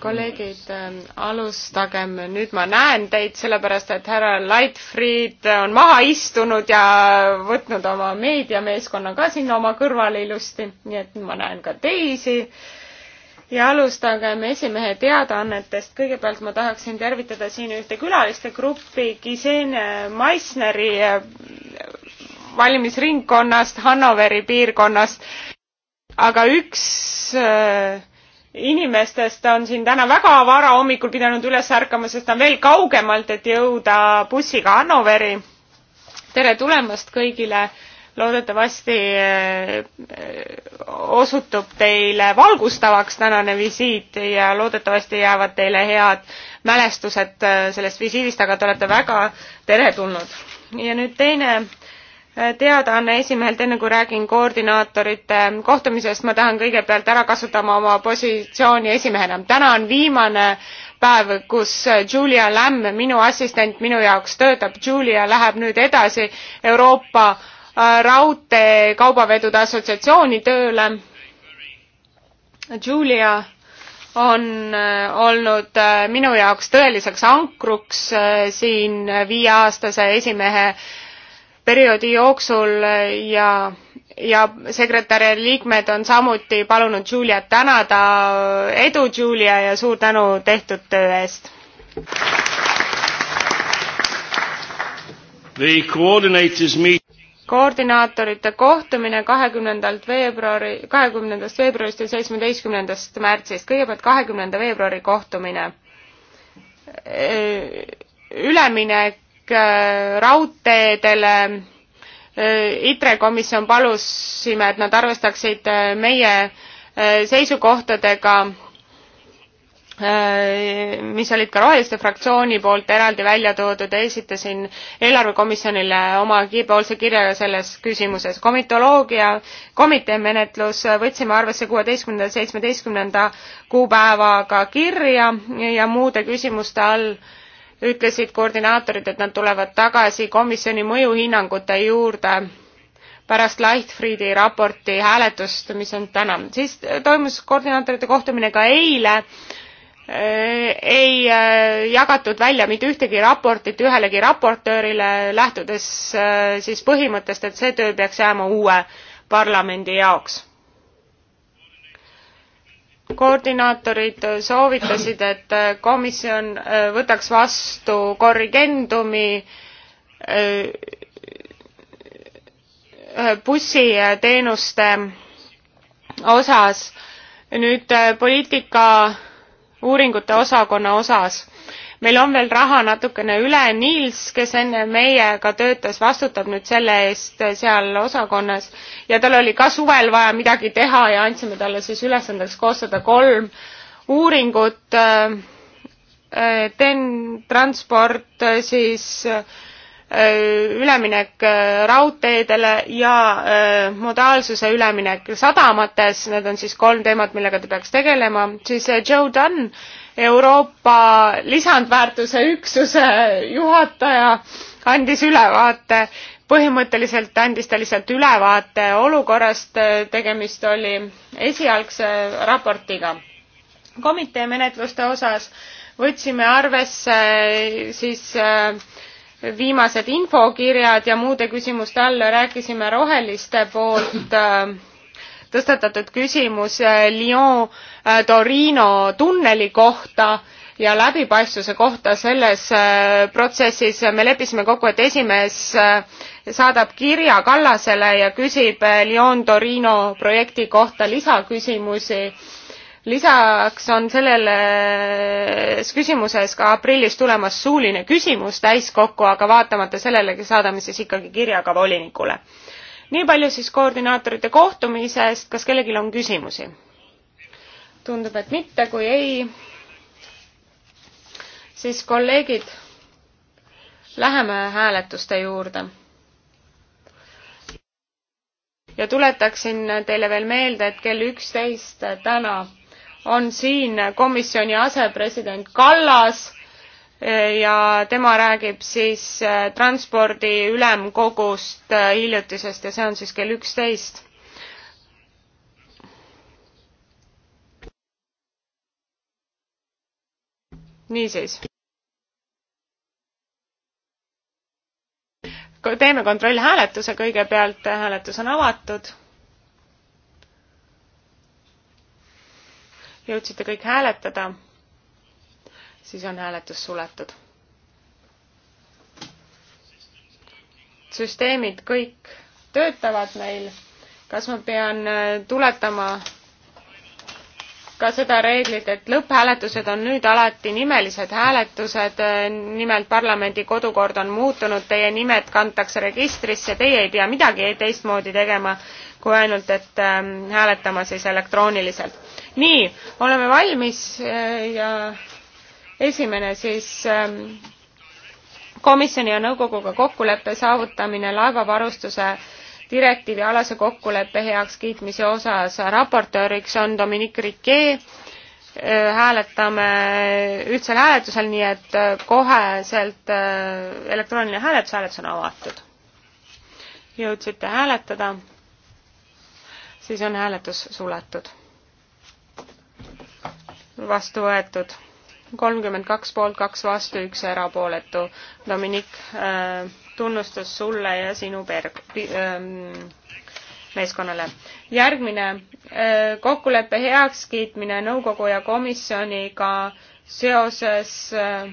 kolleegid, ähm, alustagem, nüüd ma näen teid, sellepärast et härra Lightfried on maha istunud ja võtnud oma meediameeskonna ka sinna oma kõrvale ilusti, nii et ma näen ka teisi. ja alustagem esimehe teadaannetest, kõigepealt ma tahaksin tervitada siin ühte külaliste gruppi, Gisene Meissneri äh, valimisringkonnast, Hannoveri piirkonnast, aga üks äh, inimestest on siin täna väga vara hommikul pidanud üles ärkama, sest ta on veel kaugemalt, et jõuda bussiga Hannoveri. tere tulemast kõigile. loodetavasti eh, osutub teile valgustavaks tänane visiit ja loodetavasti jäävad teile head mälestused eh, sellest visiidist, aga te olete väga teretulnud. ja nüüd teine teadaanne esimehelt, enne kui räägin koordinaatorite kohtumisest, ma tahan kõigepealt ära kasutama oma positsiooni esimehena. täna on viimane päev, kus Julia Lämm, minu assistent, minu jaoks töötab. Julia läheb nüüd edasi Euroopa äh, Raudteekaubavedude Assotsiatsiooni tööle. Julia on äh, olnud äh, minu jaoks tõeliseks ankruks siin viieaastase esimehe äh, perioodi jooksul ja, ja sekretäri liikmed on samuti palunud Juliat tänada. edu, Julia, ja suur tänu tehtud töö eest! koordinaatorite kohtumine kahekümnendalt veebruari, kahekümnendast veebruarist ja seitsmeteistkümnendast märtsist, kõigepealt kahekümnenda veebruari kohtumine üleminek Äh, raudteedele. Äh, ITRE komisjon palusime, et nad arvestaksid äh, meie seisukohtadega, mis olid ka Roheliste fraktsiooni poolt eraldi välja toodud ja esitasin eelarvekomisjonile oma kiirepoolse kirja selles küsimuses. komitoloogia komitee menetlus võtsime arvesse kuueteistkümnenda, seitsmeteistkümnenda kuupäevaga kirja ja muude küsimuste all ütlesid koordinaatorid, et nad tulevad tagasi komisjoni mõjuhinnangute juurde pärast Leichtfriedi raporti hääletust, mis on täna. siis toimus koordinaatorite kohtumine ka eile, äh, ei äh, jagatud välja mitte ühtegi raportit ühelegi raportöörile, lähtudes äh, siis põhimõttest, et see töö peaks jääma uue parlamendi jaoks koordinaatorid soovitasid, et komisjon äh, võtaks vastu korrigendumi äh, bussiteenuste osas, nüüd äh, poliitika uuringute osakonna osas meil on veel raha natukene üle, Niels, kes enne meiega töötas, vastutab nüüd selle eest seal osakonnas ja tal oli ka suvel vaja midagi teha ja andsime talle siis ülesandeks koostada kolm uuringut, TEN transport siis äh, üleminek äh, raudteedele ja äh, modaalsuse üleminek sadamates, need on siis kolm teemat, millega ta peaks tegelema, siis Joe Dunn, Euroopa lisandväärtuse üksuse juhataja andis ülevaate, põhimõtteliselt andis ta lihtsalt ülevaate olukorrast, tegemist oli esialgse raportiga. komitee menetluste osas võtsime arvesse siis äh, viimased infokirjad ja muude küsimuste all rääkisime roheliste poolt äh, tõstatatud küsimus äh, Lyon Äh, Torino tunneli kohta ja läbipaistvuse kohta selles äh, protsessis me leppisime kokku, et esimees äh, saadab kirja Kallasele ja küsib Lyon-Torino projekti kohta lisaküsimusi. lisaks on selles küsimuses ka aprillis tulemas suuline küsimus täiskokku, aga vaatamata sellele saadame siis ikkagi kirja ka volinikule. nii palju siis koordinaatorite kohtumisest, kas kellelgi on küsimusi? tundub, et mitte, kui ei, siis kolleegid, läheme hääletuste juurde. ja tuletaksin teile veel meelde, et kell üksteist täna on siin komisjoni asepresident Kallas ja tema räägib siis transpordi ülemkogust hiljutisest ja see on siis kell üksteist. niisiis. teeme kontrollhääletuse kõigepealt, hääletus on avatud. jõudsite kõik hääletada, siis on hääletus suletud. süsteemid kõik töötavad meil. kas ma pean äh, tuletama ka seda reeglit, et lõpphääletused on nüüd alati nimelised hääletused, nimelt parlamendi kodukord on muutunud, teie nimed kantakse registrisse, teie ei pea midagi teistmoodi tegema, kui ainult, et ähm, hääletama siis elektrooniliselt. nii, oleme valmis äh, ja esimene siis ähm, komisjoni ja nõukoguga kokkuleppe saavutamine laevavarustuse direktiivi alase kokkuleppe heakskiitmise osas. raportööriks on Dominique Riquet, äh, hääletame ühtsel hääletusel, nii et äh, koheselt äh, elektrooniline hääletus, hääletus on avatud. jõudsite hääletada, siis on hääletus suletud. vastu võetud kolmkümmend kaks poolt, kaks vastu, üks erapooletu. Dominik äh,, tunnustus sulle ja sinu per-, ähm, meeskonnale. järgmine äh,, kokkuleppe heakskiitmine nõukogu ja komisjoniga seoses äh,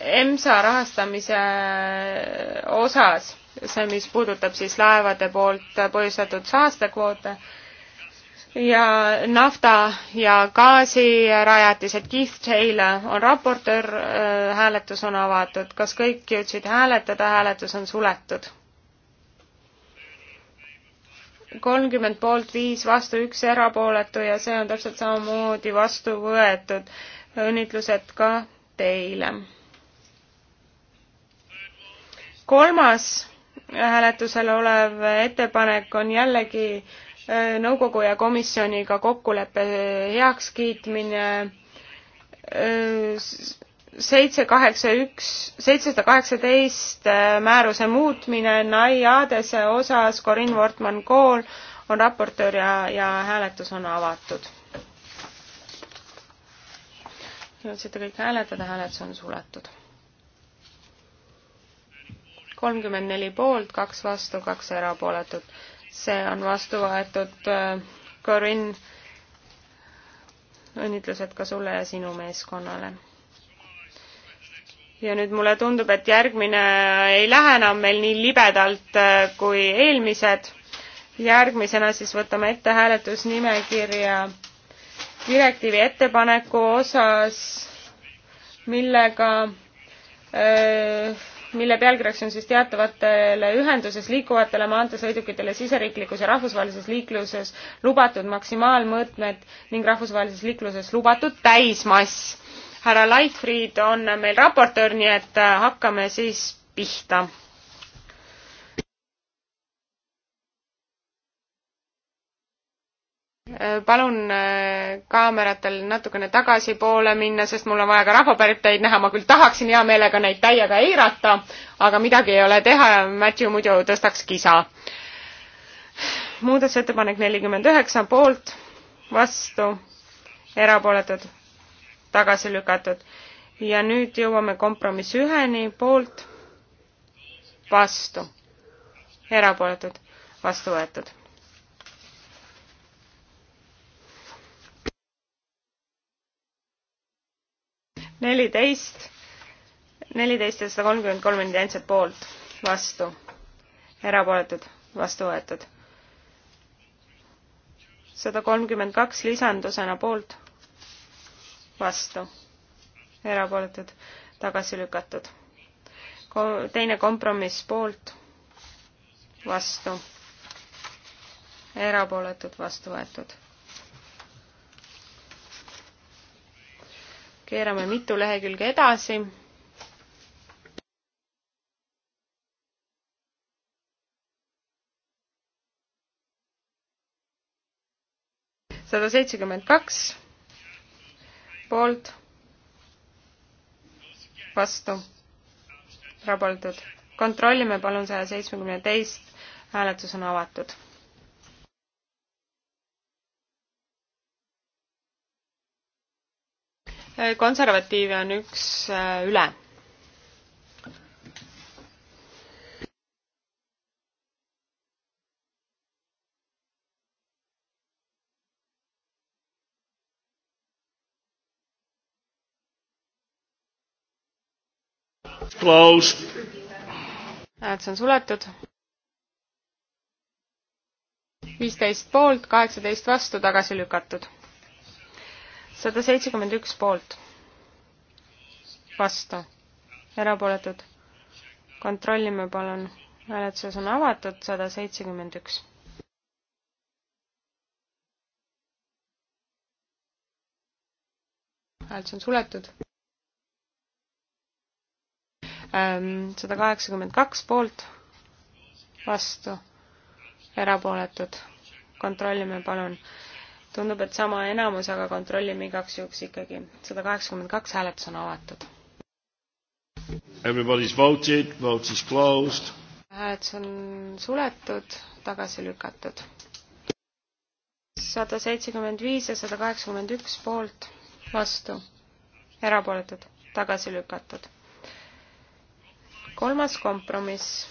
EMSA rahastamise äh, osas, see, mis puudutab siis laevade poolt põhjustatud saastekvoote äh,, ja nafta ja gaasirajatised, Keith Taylor on raportöör, äh, hääletus on avatud. kas kõik jõudsid hääletada, hääletus on suletud? kolmkümmend poolt, viis vastu, üks erapooletu ja see on täpselt samamoodi vastu võetud. õnnitlused ka teile. kolmas hääletusel olev ettepanek on jällegi Äh, nõukogu ja komisjoniga kokkuleppe äh, heakskiitmine äh, seitse kaheksa üks, seitsesada kaheksateist määruse muutmine Naiadese osas, Corinne Wortmann-Kool on raportöör ja, ja hääletus on avatud. jõudsite kõik hääletada, hääletus on suletud. kolmkümmend neli poolt, kaks vastu, kaks erapooletut see on vastu võetud. Corinne, õnnitlused ka sulle ja sinu meeskonnale. ja nüüd mulle tundub, et järgmine ei lähe enam meil nii libedalt äh, kui eelmised. järgmisena siis võtame ette hääletusnimekirja direktiivi ettepaneku osas, millega öö, äh, mille pealkirjaks on siis teatavatele ühenduses liikuvatele maanteesõidukitele siseriiklikus ja rahvusvahelises liikluses lubatud maksimaalmõõtmed ning rahvusvahelises liikluses lubatud täismass. härra Leitfried on meil raportöör, nii et hakkame siis pihta Äh, palun äh, kaameratel natukene tagasipoole minna, sest mul on vaja ka rahvapärijaid näha, ma küll tahaksin hea meelega neid täiega eirata, aga midagi ei ole teha ja Matthew muidu tõstaks kisa. muudatusettepanek nelikümmend üheksa poolt, vastu, erapooletud, tagasi lükatud. ja nüüd jõuame kompromiss üheni, poolt, vastu, erapooletud, vastu võetud neliteist, neliteist ja sada kolmkümmend kolm on identsed poolt, vastu, erapooletud, vastu võetud. sada kolmkümmend kaks lisandusena poolt, vastu, erapooletud, tagasi lükatud. Ko-, teine kompromiss poolt, vastu, erapooletud, vastu võetud keerame mitu lehekülge edasi. sada seitsekümmend kaks poolt, vastu, rabaldud. kontrollime palun saja seitsmekümne teist, hääletus on avatud konservatiive on üks äh, üle. Closed. hääletus on suletud viisteist poolt, kaheksateist vastu tagasi lükatud sada seitsekümmend üks poolt, vastu, erapooletud. kontrollime palun, hääletuses on avatud sada seitsekümmend üks. hääletus on suletud. Ehm, sada kaheksakümmend kaks poolt, vastu, erapooletud. kontrollime palun tundub, et sama enamus, aga kontrollime igaks juhuks ikkagi. sada kaheksakümmend kaks hääletus on avatud. Everybody's voted, vote is closed. hääletus on suletud, tagasi lükatud. sada seitsekümmend viis ja sada kaheksakümmend üks poolt, vastu, erapooletud, tagasi lükatud. kolmas kompromiss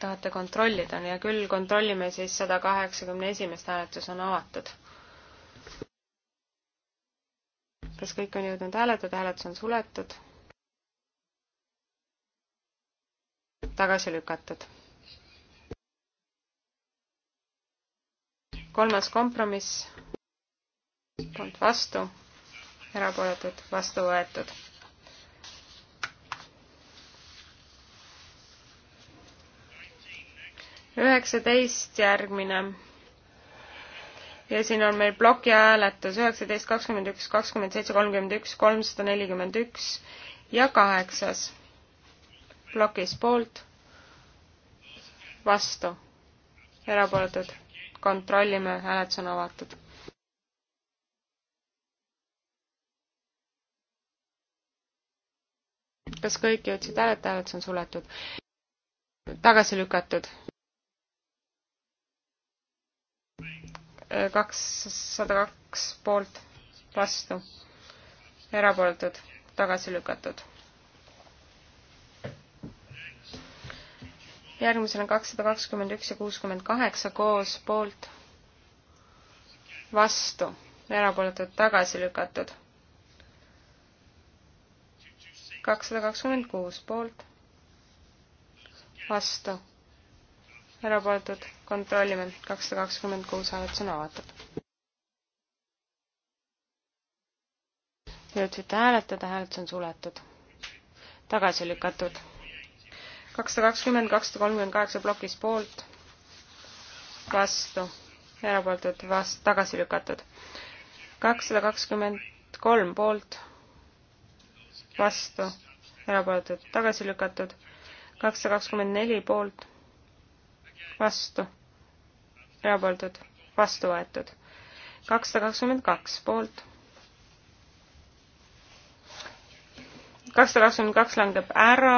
tahate kontrollida, on hea küll, kontrollime siis sada kaheksakümne esimest hääletus on avatud. kas kõik on jõudnud hääletada, hääletus on suletud? tagasi lükatud. kolmas kompromiss, poolt vastu, erapooletud, vastu võetud üheksateist järgmine. ja siin on meil plokihääletus üheksateist, kakskümmend üks, kakskümmend seitse, kolmkümmend üks, kolmsada nelikümmend üks ja kaheksas plokis poolt, vastu, erapooletud. kontrollime, hääletus on avatud. kas kõik jõudsid hääletajad, see on suletud. tagasi lükatud. kakssada kaks poolt, vastu, erapooletud, tagasi lükatud. järgmisel on kakssada kakskümmend üks ja kuuskümmend kaheksa koos poolt, vastu, erapooletud, tagasi lükatud. kakssada kakskümmend kuus poolt, vastu erapooletud, kontrollime, kakssada kakskümmend kuus hääletus on avatud. jõudsite hääletada, hääletus on suletud. tagasi lükatud. kakssada kakskümmend, kakssada kolmkümmend kaheksa plokis poolt, vastu, erapooletud, vast-, tagasi lükatud. kakssada kakskümmend kolm poolt, vastu, erapooletud, tagasi lükatud. kakssada kakskümmend neli poolt vastu, erapooletud, vastu võetud. kakssada kakskümmend kaks poolt. kakssada kakskümmend kaks langeb ära,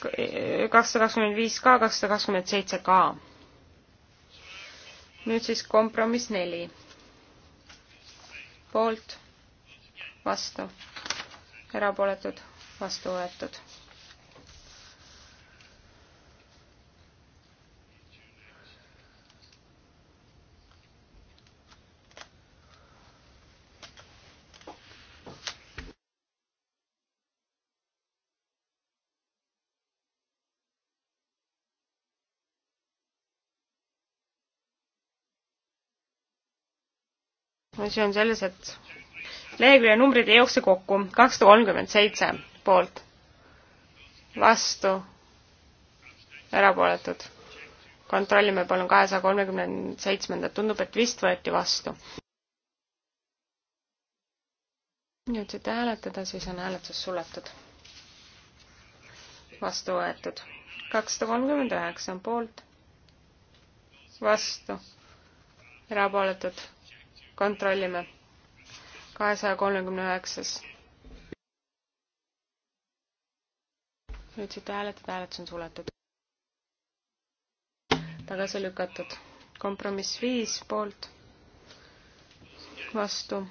kakssada kakskümmend viis ka, kakssada kakskümmend seitse ka. nüüd siis kompromiss neli. poolt, vastu, erapooletud, vastu võetud see on selles, et lehekülje numbrid ei jookse kokku. kakssada kolmkümmend seitse poolt, vastu, erapooletud. kontrollime palun kahesaja kolmekümne seitsmendat, tundub, et vist võeti vastu. jõudsite hääletada, siis on hääletus suletud. vastu võetud. kakssada kolmkümmend üheksa on poolt, vastu, erapooletud kontrollime. kahesaja kolmekümne üheksas. jõudsite hääletada, hääletus on suletud. tagasi lükatud. kompromiss viis poolt, vastu,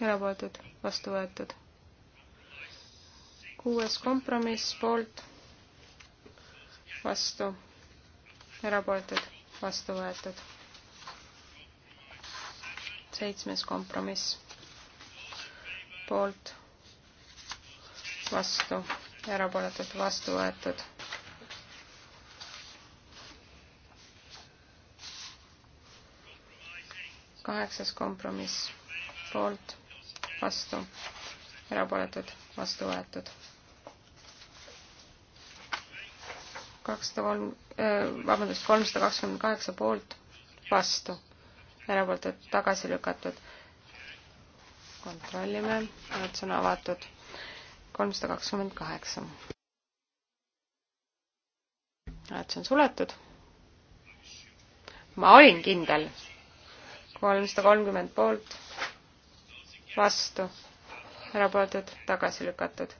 erapooletud, vastu võetud. kuues kompromiss poolt, vastu, erapooletud, vastu võetud seitsmes kompromiss poolt, vastu, erapooletult vastu võetud. kaheksas kompromiss poolt, vastu, erapooletud, vastu võetud. kakssada kolm, äh, vabandust, kolmsada kakskümmend kaheksa poolt, vastu erapooletud tagasi lükatud. kontrollime, hääletus on avatud. kolmsada kakskümmend kaheksa. hääletus on suletud. ma olin kindel. kolmsada kolmkümmend poolt, vastu, erapooletud, tagasi lükatud.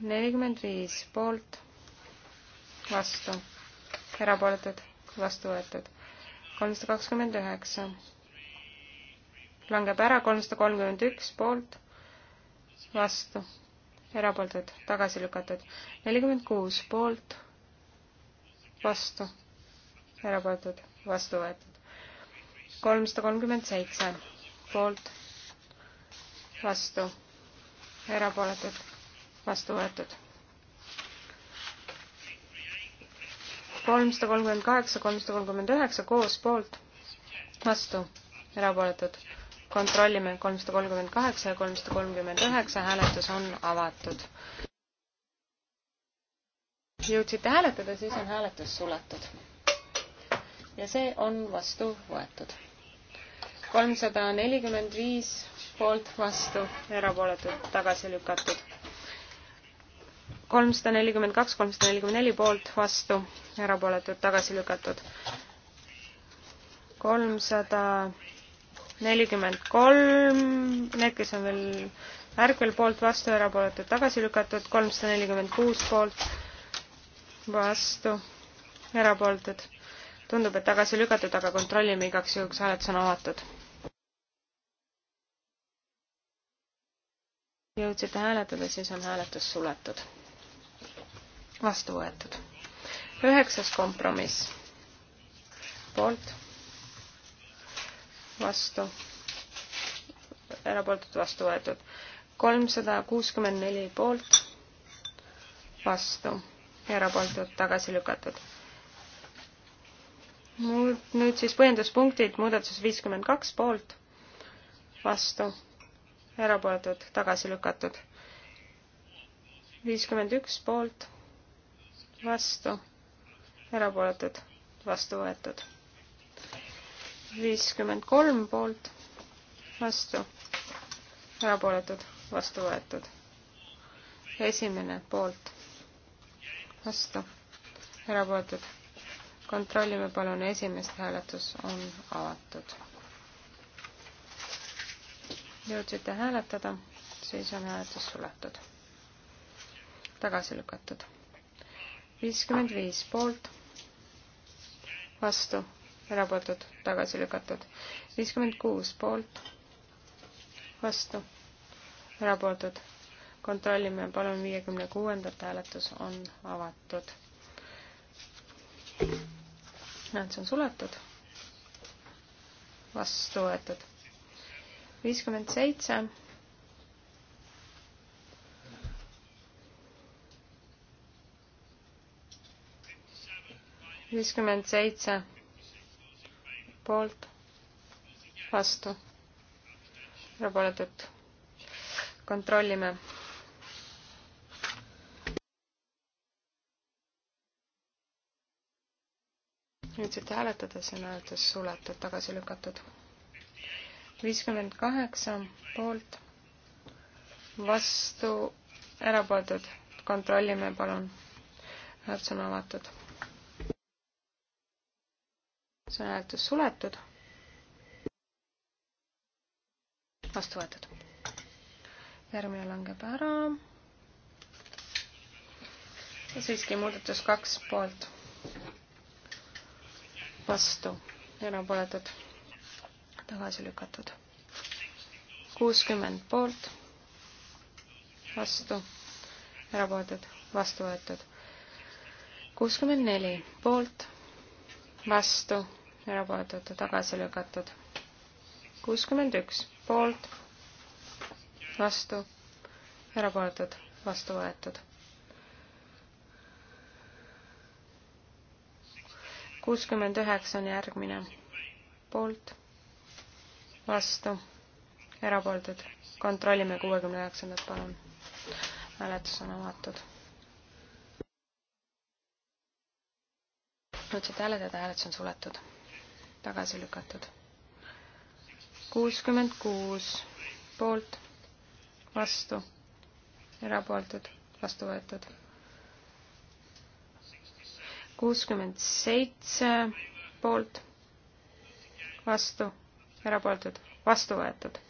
nelikümmend viis poolt, vastu, erapooletud, vastu võetud kolmsada kakskümmend üheksa. langeb ära kolmsada kolmkümmend üks poolt, vastu, erapooletud, tagasi lükatud. nelikümmend kuus poolt, vastu, erapooletud, vastu võetud. kolmsada kolmkümmend seitse poolt, vastu, erapooletud, vastu võetud kolmsada kolmkümmend kaheksa, kolmsada kolmkümmend üheksa koos poolt, vastu, erapooletud. kontrollime kolmsada kolmkümmend kaheksa ja kolmsada kolmkümmend üheksa, hääletus on avatud. jõudsite hääletada, siis on hääletus suletud. ja see on vastu võetud. kolmsada nelikümmend viis poolt, vastu, erapooletud, tagasi lükatud kolmsada nelikümmend kaks, kolmsada nelikümmend neli poolt, vastu, erapooletud, tagasi lükatud. kolmsada nelikümmend kolm, need, kes on veel ärkvel poolt, vastu, erapooletud, tagasi lükatud, kolmsada nelikümmend kuus poolt, vastu, erapooletud. tundub, et tagasi lükatud, aga kontrollime igaks juhuks, hääletus on avatud. jõudsite hääletada, siis on hääletus suletud vastu võetud. üheksas kompromiss. poolt, vastu, erapooletud, vastu võetud. kolmsada kuuskümmend neli poolt, vastu, erapooletud, tagasi lükatud. mul nüüd siis põhjenduspunktid, muudatus viiskümmend kaks poolt, vastu, erapooletud, tagasi lükatud. viiskümmend üks poolt vastu, erapooletud, vastu võetud. viiskümmend kolm poolt, vastu, erapooletud, vastu võetud. esimene poolt, vastu, erapooletud. kontrollime palun, esimest hääletus on avatud. jõudsite hääletada, siis on hääletus suletud, tagasi lükatud viiskümmend viis poolt, vastu, erapooletud, tagasi lükatud. viiskümmend kuus poolt, vastu, erapooletud. kontrollime, palun, viiekümne kuuendat hääletus on avatud. näed, see on suletud. vastu võetud. viiskümmend seitse viiskümmend seitse poolt, vastu, erapooletut. kontrollime. nüüd saate hääletada, see on hääletus suletud, tagasi lükatud. viiskümmend kaheksa poolt, vastu, erapooletud. kontrollime, palun. hääletus on avatud see on hääletus suletud. vastu võetud. järgmine langeb ära. siiski muudatus kaks poolt. vastu, erapooletud, tagasi lükatud. kuuskümmend poolt, vastu, erapooletud, vastu võetud kuuskümmend neli poolt, vastu, erapooletud, tagasi lükatud. kuuskümmend üks poolt, vastu, erapooletud, vastu võetud. kuuskümmend üheksa on järgmine, poolt, vastu, erapooletud, kontrollime kuuekümne üheksandat, palun. hääletus on avatud nüüd saate hääletada, hääletus on suletud tagasi lükatud. kuuskümmend kuus poolt, vastu, erapooletud, vastu võetud. kuuskümmend seitse poolt, vastu, erapooletud, vastu võetud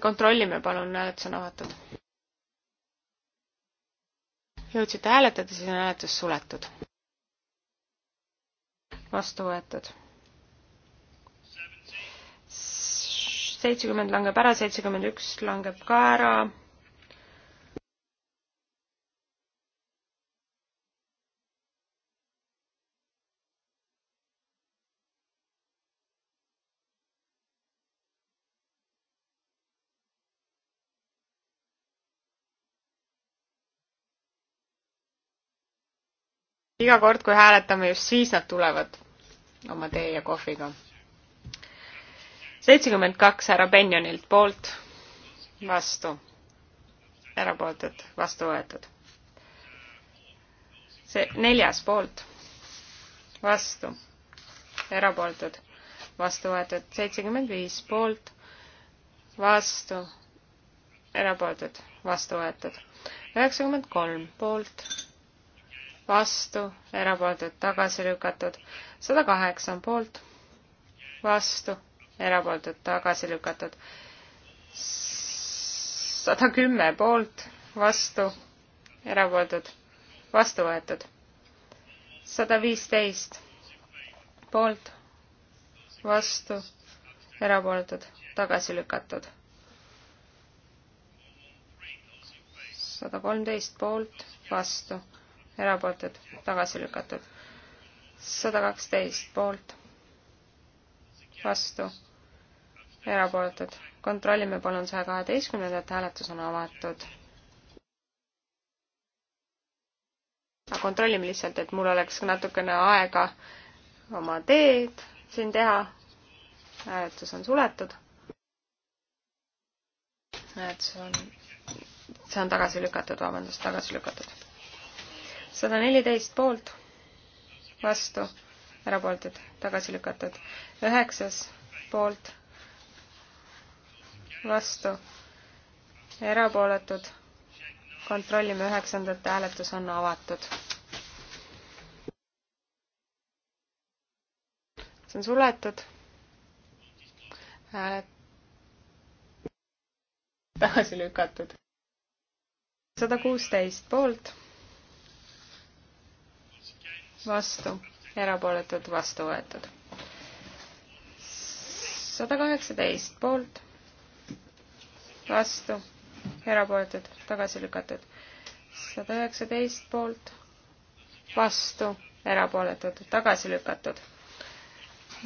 kontrollime palun, hääletus on avatud jõudsite hääletada, siis on hääletus suletud. vastu võetud. seitsekümmend langeb ära, seitsekümmend üks langeb ka ära iga kord, kui hääletame, just siis nad tulevad oma tee ja kohviga. seitsekümmend kaks härra Benjonilt poolt, vastu, erapooletud, vastu võetud. see neljas poolt, vastu, erapooletud, vastu võetud, seitsekümmend viis poolt, vastu, erapooletud, vastu võetud, üheksakümmend kolm poolt vastu, erapooletud, tagasi lükatud. sada kaheksa on poolt, vastu, erapooletud, tagasi lükatud. sada kümme poolt, vastu, erapooletud, vastu võetud. sada viisteist poolt, vastu, erapooletud, tagasi lükatud. sada kolmteist poolt, vastu erapooletud, tagasi lükatud. sada kaksteist poolt, vastu, erapooletud. kontrollime palun saja kaheteistkümnendat, hääletus on avatud. kontrollime lihtsalt, et mul oleks natukene aega oma teed siin teha. hääletus on suletud. hääletus on, see on tagasi lükatud, vabandust, tagasi lükatud sada neliteist poolt, vastu, erapooletud, tagasi lükatud. üheksas poolt, vastu, erapooletud. kontrollime üheksandat, hääletus on avatud. see on suletud. hääled tagasi lükatud. sada kuusteist poolt vastu, erapooletud, vastu võetud. sada kaheksateist poolt, vastu, erapooletud, tagasi lükatud. sada üheksateist poolt, vastu, erapooletud, tagasi lükatud.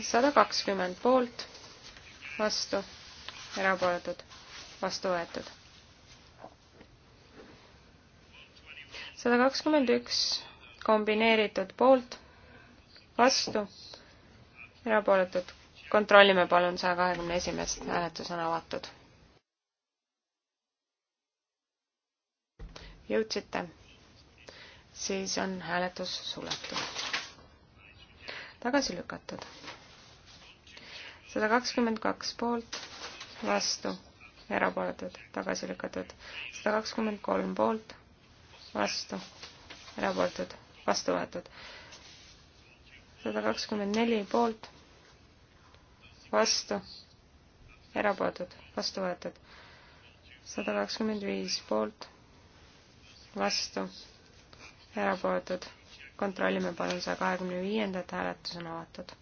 sada kakskümmend poolt, vastu, erapooletud, vastu võetud. sada kakskümmend üks kombineeritud poolt, vastu, erapooletud. kontrollime palun saja kahekümne esimest, hääletus on avatud. jõudsite, siis on hääletus suletud. tagasi lükatud. sada kakskümmend kaks poolt, vastu, erapooletud, tagasi lükatud. sada kakskümmend kolm poolt, vastu, erapooletud vastu võetud. sada kakskümmend neli poolt, vastu, erapooletud, vastu võetud. sada kakskümmend viis poolt, vastu, erapooletud. kontrollime palun saja kahekümne viiendat, hääletus on avatud.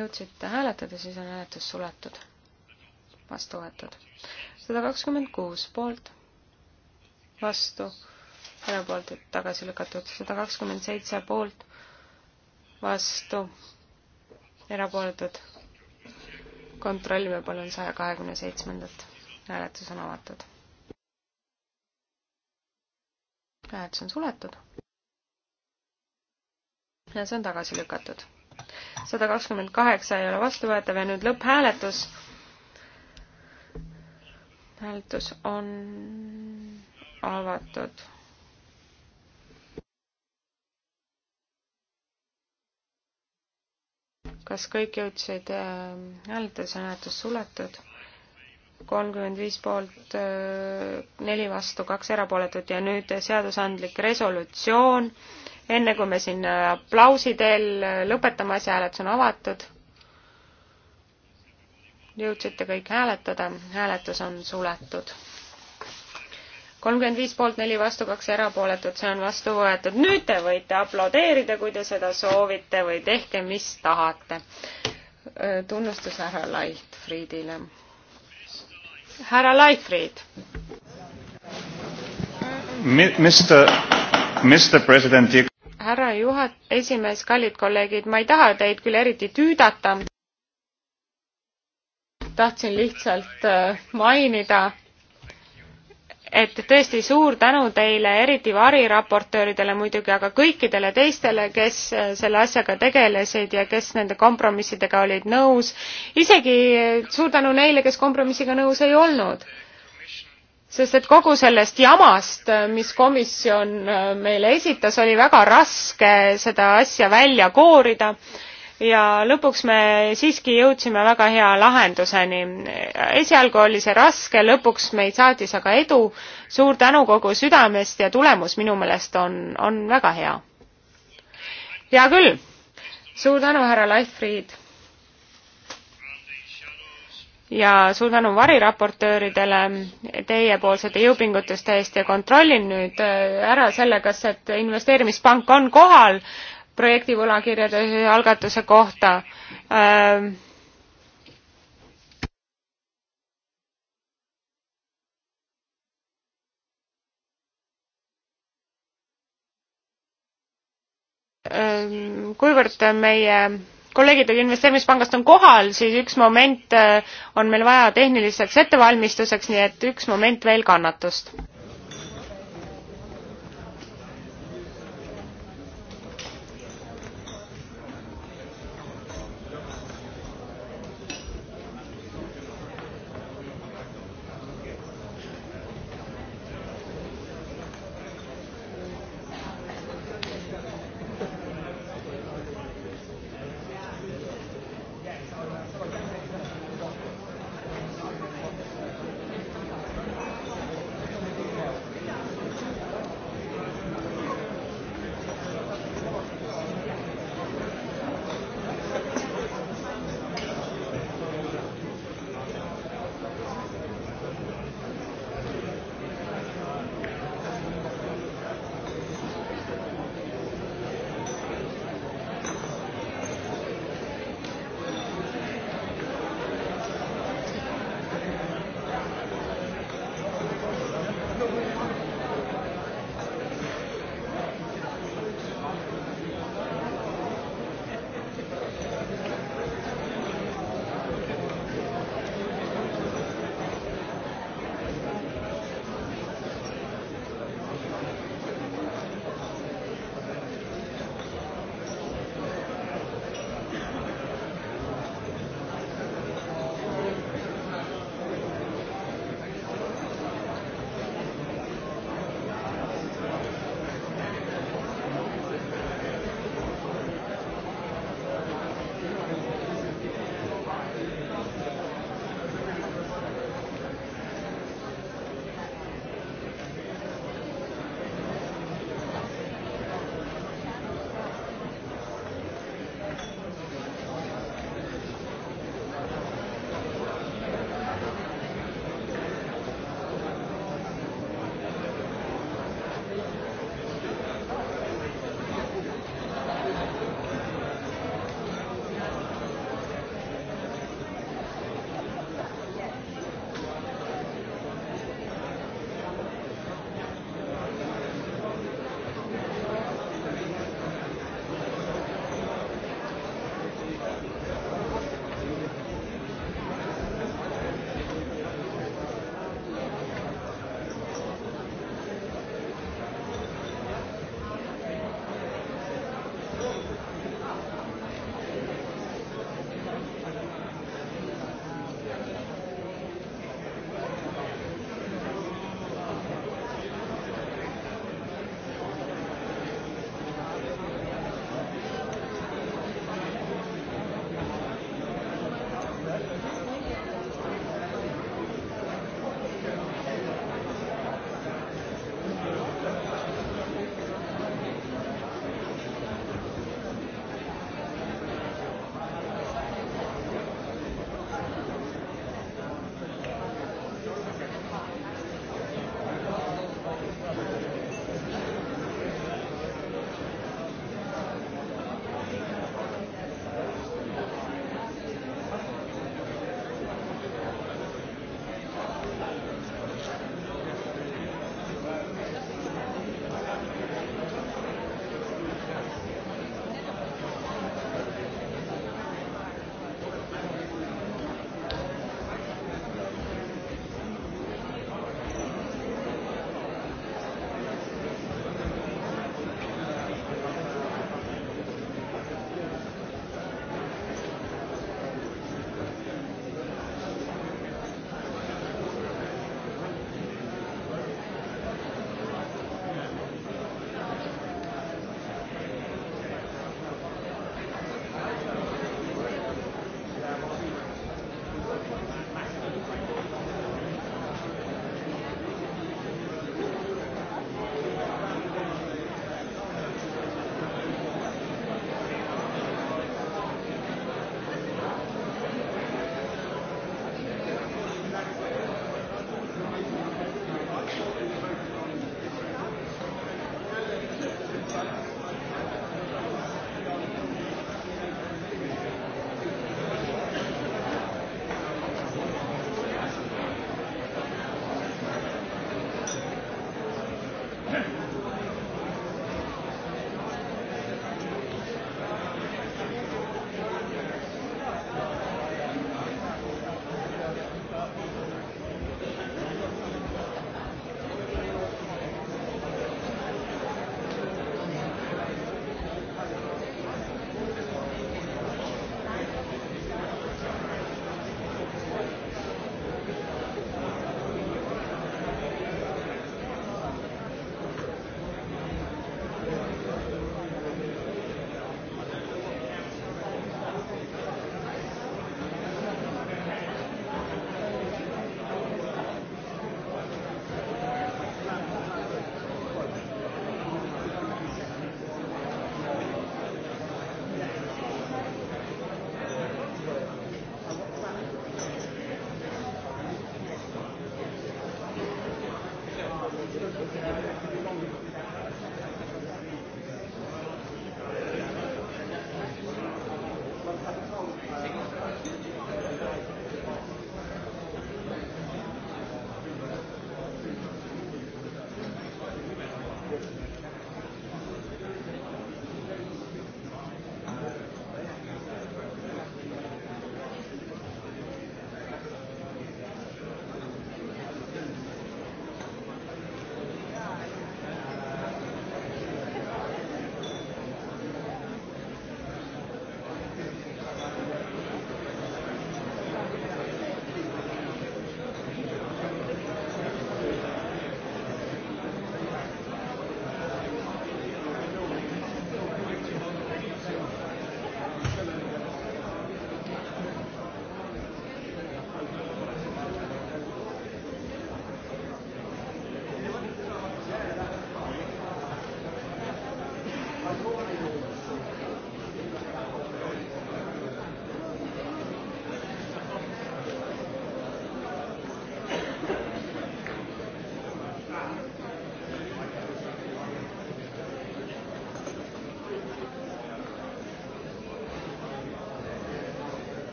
jõudsite hääletada, siis on hääletus suletud vastu võetud. sada kakskümmend kuus poolt, vastu, erapooletud tagasi lükatud, sada kakskümmend seitse poolt, vastu, erapooletud. kontrollime palun saja kahekümne seitsmendat, hääletus on avatud. hääletus on suletud. ja see on tagasi lükatud. sada kakskümmend kaheksa ei ole vastuvõetav ja nüüd lõpphääletus. hääletus on avatud kas kõik jõudsid hääletada, äh, hääletus suletud? kolmkümmend viis poolt, äh, neli vastu, kaks erapooletut ja nüüd seadusandlik resolutsioon. enne kui me siin äh, aplausi teel lõpetame asja, hääletus on avatud. jõudsite kõik hääletada, hääletus on suletud kolmkümmend viis poolt, neli vastu, kaks erapooletut, see on vastu võetud. nüüd te võite aplodeerida, kui te seda soovite või tehke, mis tahate. Äh, tunnustus härra Leitfriedile. härra Leitfried. Mr, Mr President. härra juhat-, esimees, kallid kolleegid, ma ei taha teid küll eriti tüüdata. tahtsin lihtsalt äh, mainida et tõesti suur tänu teile, eriti variraportööridele muidugi, aga kõikidele teistele, kes äh, selle asjaga tegelesid ja kes nende kompromissidega olid nõus. isegi äh, suur tänu neile, kes kompromissiga nõus ei olnud. sest et kogu sellest jamast, äh, mis komisjon meile esitas, oli väga raske seda asja välja koorida ja lõpuks me siiski jõudsime väga hea lahenduseni. esialgu oli see raske, lõpuks meid saatis aga edu. suur tänu kogu südamest ja tulemus minu meelest on, on väga hea. hea küll. suur tänu, härra Leifrid. ja suur tänu variraportööridele teiepoolsete jõupingutuste eest ja kontrollin nüüd äh, ära selle, kas, et investeerimispank on kohal projekti võlakirjade algatuse kohta ähm, ähm kuivõrd meie kolleegidega investeerimispangast on kohal, siis üks moment äh, on meil vaja tehniliseks ettevalmistuseks, nii et üks moment veel kannatust.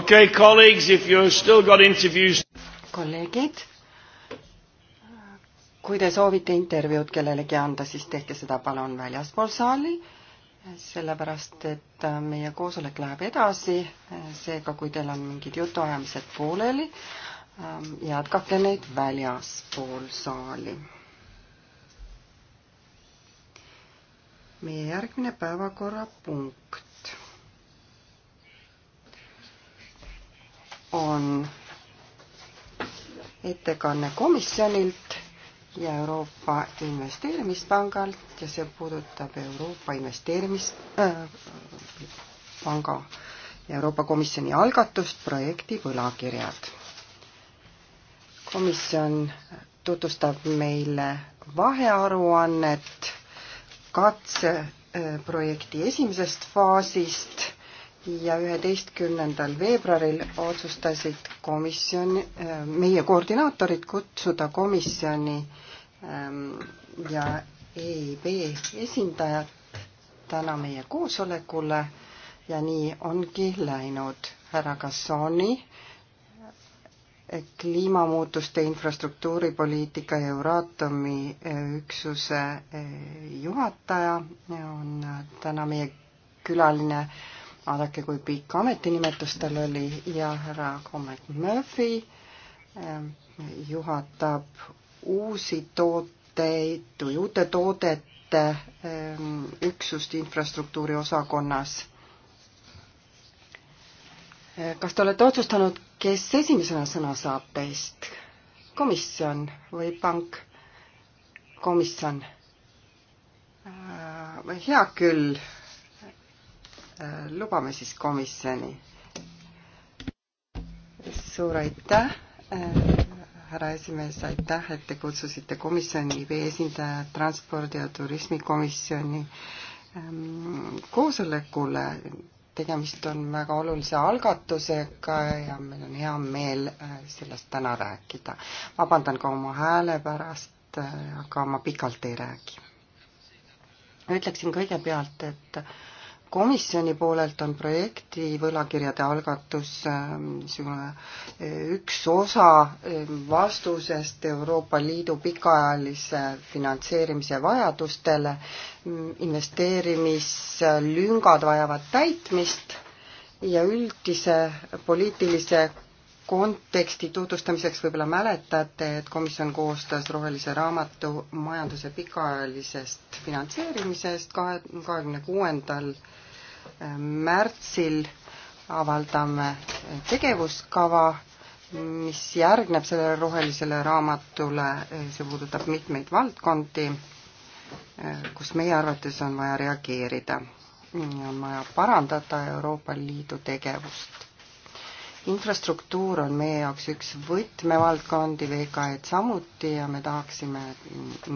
Okay, colleagues, if you still got interviews. kolleegid, kui te soovite intervjuud kellelegi anda, siis tehke seda palun väljaspool saali, sellepärast et äh, meie koosolek läheb edasi, seega kui teil on mingid jutuajamised pooleli, ähm, jätkake neid väljaspool saali. meie järgmine päevakorrapunkt on ettekanne komisjonilt ja Euroopa Investeerimispangalt ja see puudutab Euroopa Investeerimispanga äh, ja Euroopa Komisjoni algatust projekti võlakirjad. komisjon tutvustab meile vahearuannet katseprojekti äh, esimesest faasist ja üheteistkümnendal veebruaril otsustasid komisjon, meie koordinaatorid kutsuda komisjoni ähm, ja EIB esindajat täna meie koosolekule ja nii ongi läinud härra Kassoni kliimamuutuste infrastruktuuripoliitika ja Euraatomi äh, üksuse äh, juhataja on äh, täna meie külaline vaadake, kui pikk ametinimetus tal oli ja härra Comet Murphy ähm, juhatab uusi tooteid või uute toodete ähm, üksust infrastruktuuri osakonnas. Äh, kas te olete otsustanud, kes esimesena sõna saab teist? komisjon või pank? komisjon. Äh, hea küll lubame siis komisjoni. suur aitäh, äh, härra esimees, aitäh, et te kutsusite komisjoni vee esindajad transpordi ja turismikomisjoni ähm, koosolekule. tegemist on väga olulise algatusega ja meil on hea meel äh, sellest täna rääkida. vabandan ka oma hääle pärast, äh, aga ma pikalt ei räägi. ütleksin kõigepealt, et komisjoni poolelt on projekti võlakirjade algatus ähm, niisugune äh, üks osa ähm, vastusest Euroopa Liidu pikaajalise finantseerimise vajadustele. Mm, investeerimislüngad vajavad täitmist ja üldise poliitilise konteksti tutvustamiseks võib-olla mäletate, et komisjon koostas rohelise raamatu majanduse pikaajalisest finantseerimisest kahe, kahekümne kuuendal eh, märtsil avaldame tegevuskava, mis järgneb sellele rohelisele raamatule, eh, see puudutab mitmeid valdkondi, eh, kus meie arvates on vaja reageerida. on vaja parandada Euroopa Liidu tegevust infrastruktuur on meie jaoks üks võtmevaldkondi, VKE-d samuti ja me tahaksime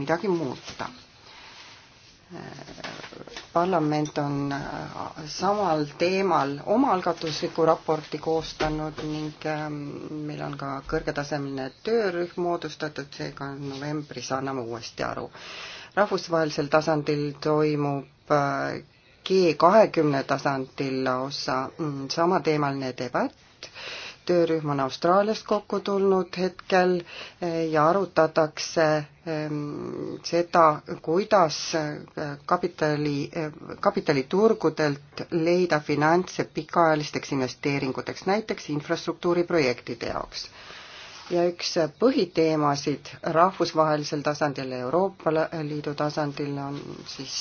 midagi muuta. parlament on äh, samal teemal omaalgatusliku raporti koostanud ning ähm, meil on ka kõrgetasemeline töörühm moodustatud, seega novembris anname uuesti aru. rahvusvahelisel tasandil toimub äh, G kahekümne tasandil lausa mm, samateemaline debatt, projekt. töörühm on Austraaliast kokku tulnud hetkel eh, ja arutatakse ehm, seda, kuidas eh, kapitali, eh, kapitaliturgudelt leida finantse pikaajalisteks investeeringuteks, näiteks infrastruktuuriprojektide jaoks ja üks põhiteemasid rahvusvahelisel tasandil ja Euroopa Liidu tasandil on siis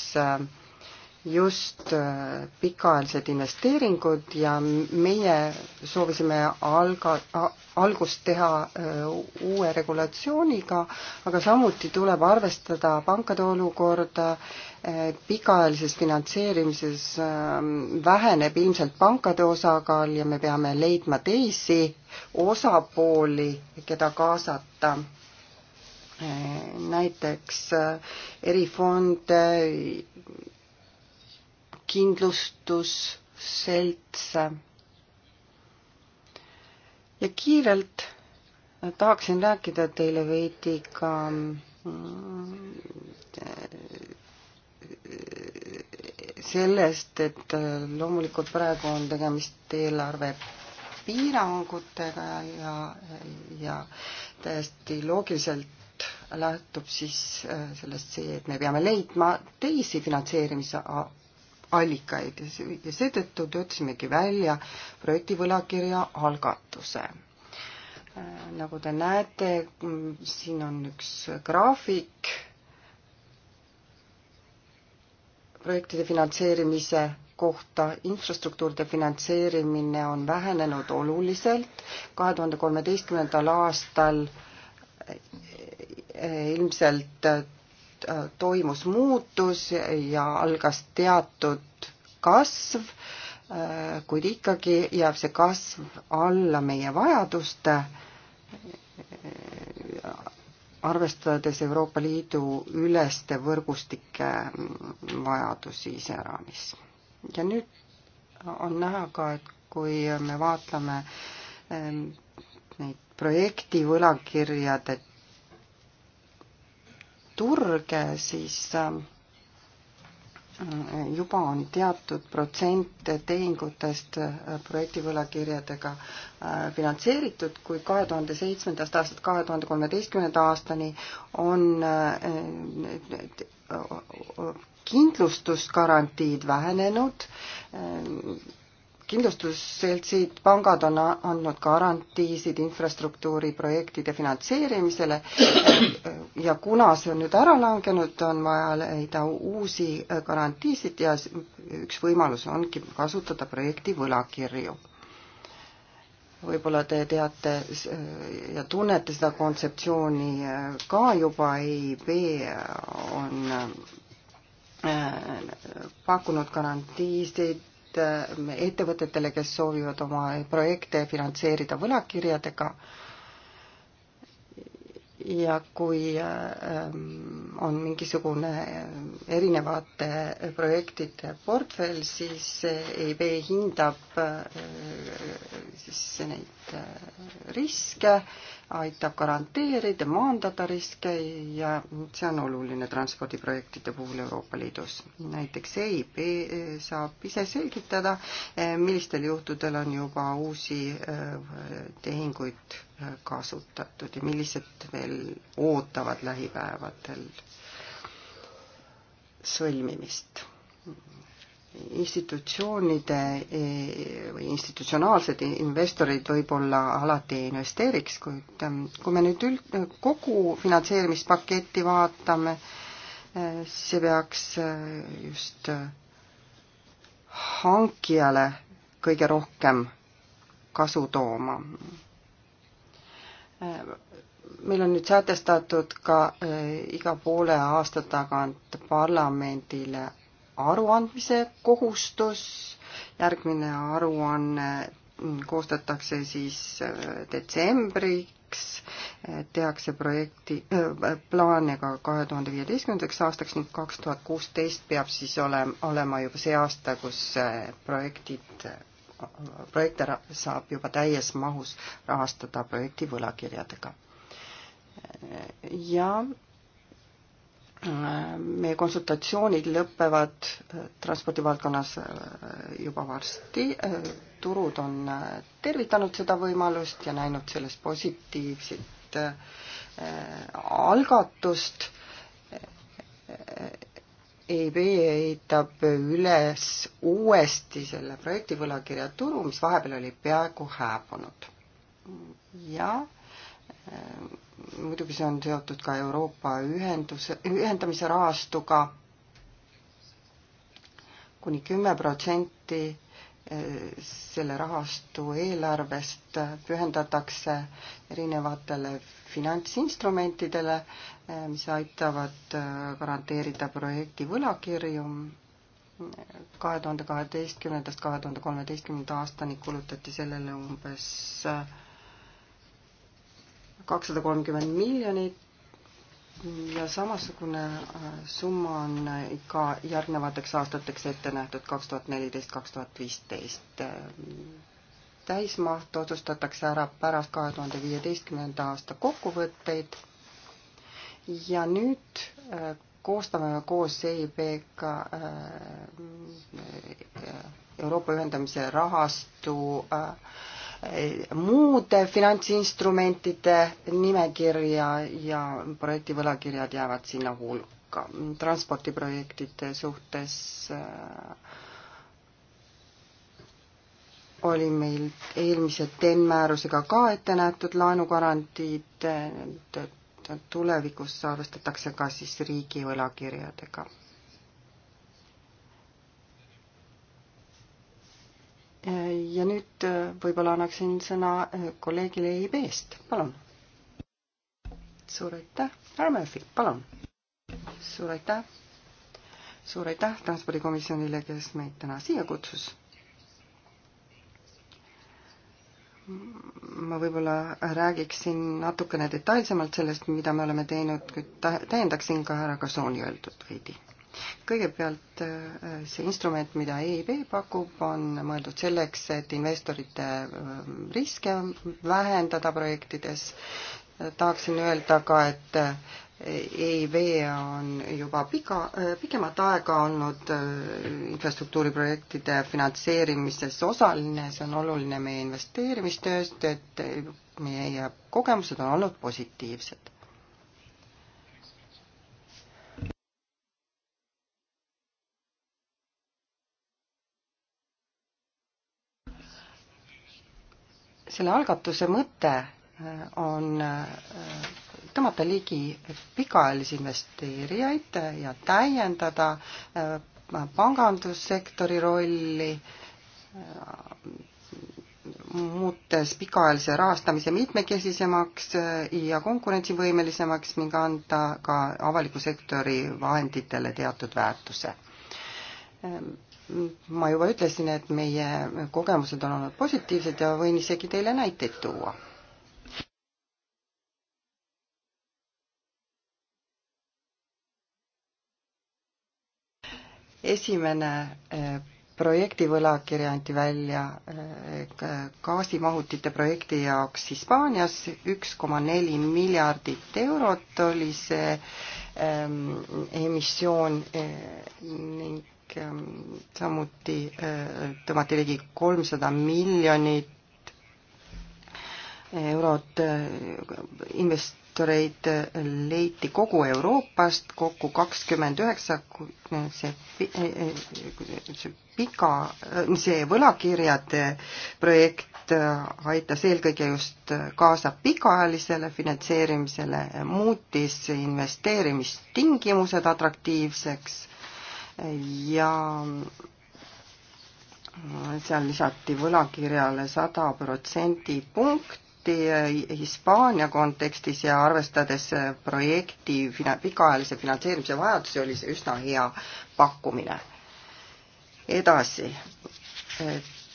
just äh, pikaajalised investeeringud ja meie soovisime alga, algust teha äh, uue regulatsiooniga, aga samuti tuleb arvestada pankade olukorda, äh, pikaajalises finantseerimises ähm, väheneb ilmselt pankade osakaal ja me peame leidma teisi osapooli, keda kaasata näiteks erifonde, kindlustusseltse. ja kiirelt tahaksin rääkida teile veidi ka mm, sellest, et loomulikult praegu on tegemist eelarve piirangutega ja, ja täiesti loogiliselt lähtub siis sellest see, et me peame leidma teisi finantseerimise allikaid ja seetõttu töötasimegi välja projekti võlakirja algatuse. nagu te näete, siin on üks graafik projektide finantseerimise kohta infrastruktuuride finantseerimine on vähenenud oluliselt. kahe tuhande kolmeteistkümnendal aastal ilmselt Äh, toimus muutus ja algas teatud kasv, äh, kuid ikkagi jääb see kasv alla meie vajaduste, äh, arvestades Euroopa Liidu üleste võrgustike mm, vajadusi iseäranis. ja nüüd on näha ka, et kui me vaatame ähm, neid projekti võlakirjade turge, siis äh, juba on teatud protsent tehingutest äh, projektivõlakirjadega äh, finantseeritud, kuid kahe tuhande seitsmendast aastast kahe tuhande kolmeteistkümnenda aastani on kindlustusgarantiid vähenenud kindlustusseltsid, pangad on andnud garantiisid infrastruktuuriprojektide finantseerimisele ja kuna see on nüüd ära langenud, on vaja leida uusi garantiisid ja üks võimalus ongi kasutada projekti võlakirju. võib-olla te teate ja tunnete seda kontseptsiooni äh, ka juba, EIB on äh, pakkunud garantiisid Äh, ettevõtetele, kes soovivad oma projekte finantseerida võlakirjadega. ja kui äh, ähm, on mingisugune äh, erinevate projektide portfell, siis EIB hindab siis neid riske aitab garanteerida, maandada riske ja see on oluline transpordiprojektide puhul Euroopa Liidus. näiteks EIB e, saab ise selgitada, e, millistel juhtudel on juba uusi e, tehinguid kasutatud ja millised veel ootavad lähipäevadel sõlmimist institutsioonide või institutsionaalsed investorid võib-olla alati ei investeeriks, kuid ähm, kui me nüüd üld-, kogu finantseerimispaketti vaatame, äh, see peaks äh, just äh, hankijale kõige rohkem kasu tooma. meil on nüüd sätestatud ka iga poole aasta tagant parlamendile aruandmise kohustus, järgmine aruanne koostatakse siis äh, detsembriks, äh, tehakse projekti äh,, plaane ka kahe tuhande viieteistkümnendaks aastaks ning kaks tuhat kuusteist peab siis olema, olema juba see aasta, kus äh, projektid, projekte saab juba täies mahus rahastada projekti võlakirjadega. ja meie konsultatsioonid lõpevad äh, transpordivaldkonnas äh, juba varsti. Äh, turud on tervitanud seda võimalust ja näinud selles positiivset algatust. EIB ehitab üles uuesti selle projekti võlakirjaturu, mis vahepeal oli peaaegu hääbunud. ja muidugi see on seotud ka Euroopa ühenduse, ühendamise rahastuga kuni kümme protsenti eh, selle rahastu eelarvest pühendatakse erinevatele finantsinstrumentidele, eh, mis aitavad eh, garanteerida projekti võlakirju. kahe tuhande kaheteistkümnendast kahe tuhande kolmeteistkümnenda aastani kulutati sellele umbes kakssada kolmkümmend miljonit ja samasugune äh, summa on äh, ka järgnevateks aastateks ette nähtud kaks tuhat neliteist, kaks tuhat viisteist. Äh, täismaht otsustatakse ära pärast kahe tuhande viieteistkümnenda aasta kokkuvõtteid ja nüüd koostame koos EIB-ga Euroopa ühendamise rahastu äh, muude finantsinstrumentide nimekirja ja projektivõlakirjad jäävad sinna hulka. transpordiprojektide suhtes äh, oli meil eelmise TEN määrusega ka ette nähtud laenugarantiid, tulevikus arvestatakse ka siis riigi võlakirjadega ja nüüd äh, võib-olla annaksin sõna äh, kolleegile EIB-st, palun. suur aitäh, härra Murphy, palun. suur aitäh. suur aitäh transpordikomisjonile, kes meid täna siia kutsus ma võib-olla räägiksin natukene detailsemalt sellest, mida me oleme teinud, täiendaksin ka härra Kassooni öeldud veidi kõigepealt äh, see instrument, mida EIB pakub, on mõeldud selleks, et investorite äh, riske vähendada projektides. Äh, tahaksin öelda ka, et EIB on juba pika, pikemat aega olnud infrastruktuuriprojektide finantseerimises osaline, see on oluline meie investeerimistööst, et meie kogemused on olnud positiivsed selle algatuse mõte äh, on äh, tõmmata ligi pikaajalisi investeerijaid ja täiendada äh, pangandussektori rolli, muutes pikaajalise rahastamise mitmekesisemaks ja konkurentsivõimelisemaks ning anda ka avaliku sektori vahenditele teatud väärtuse ma juba ütlesin, et meie kogemused on olnud positiivsed ja võin isegi teile näiteid tuua. esimene eh, projekti võlakirja anti välja eh, gaasimahutite projekti jaoks Hispaanias, üks koma neli miljardit eurot oli see ehm, emissioon eh, ning Ehm, samuti äh, tõmmati ligi kolmsada miljonit eurot äh, investoreid äh, leiti kogu Euroopast, kokku kakskümmend üheksa, see, see pika, see võlakirjade projekt aitas eelkõige just kaasa pikaajalisele finantseerimisele, muutis investeerimistingimused atraktiivseks ja seal lisati võlakirjale sada protsenti punkti Hispaania kontekstis ja arvestades projekti fina-, pikaajalise finantseerimise vajadusi, oli see üsna hea pakkumine. edasi,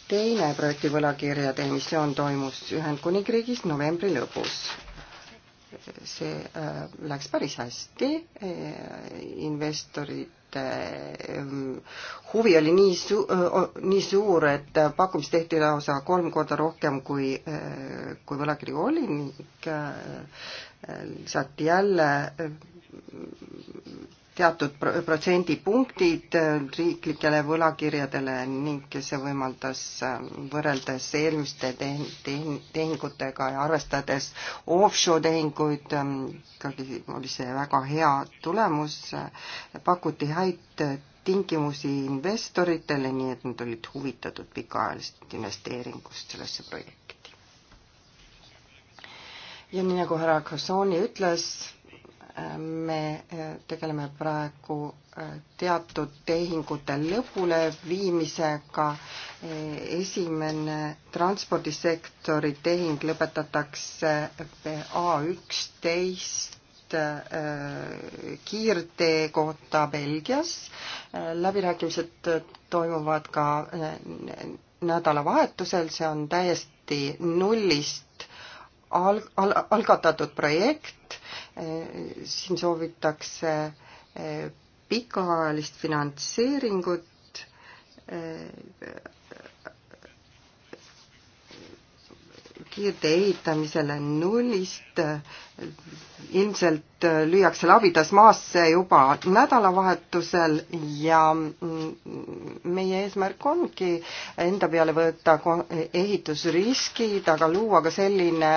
teine projekti võlakirjade emissioon toimus Ühendkuningriigis novembri lõpus see äh, läks päris hästi, äh, investorite ähm, huvi oli nii su-, äh, nii suur, et pakkumist tehti lausa kolm korda rohkem, kui, kui võlakiri oli ning lisati jälle teatud protsendipunktid äh, riiklikele võlakirjadele ning see võimaldas äh, võrreldes eelmiste tehingutega ja arvestades offshore tehinguid ähm, ikkagi oli see väga hea tulemus, äh, pakuti häid tingimusi investoritele, nii et nad olid huvitatud pikaajalisest investeeringust sellesse projekti. ja nii nagu härra Kassooni ütles, me äh, tegeleme praegu äh, teatud tehingute lõpuleviimisega. Äh, esimene transpordisektori tehing lõpetatakse A üksteist kiirtee kohta Belgias. läbirääkimised toimuvad ka nädalavahetusel, see on täiesti nullist al-, al-, algatatud projekt, siin soovitakse eh, pikaajalist finantseeringut eh, kiirtee ehitamisele nullist. ilmselt lüüakse labidas maasse juba nädalavahetusel ja meie eesmärk ongi enda peale võtta ehitusriskid, aga luua ka selline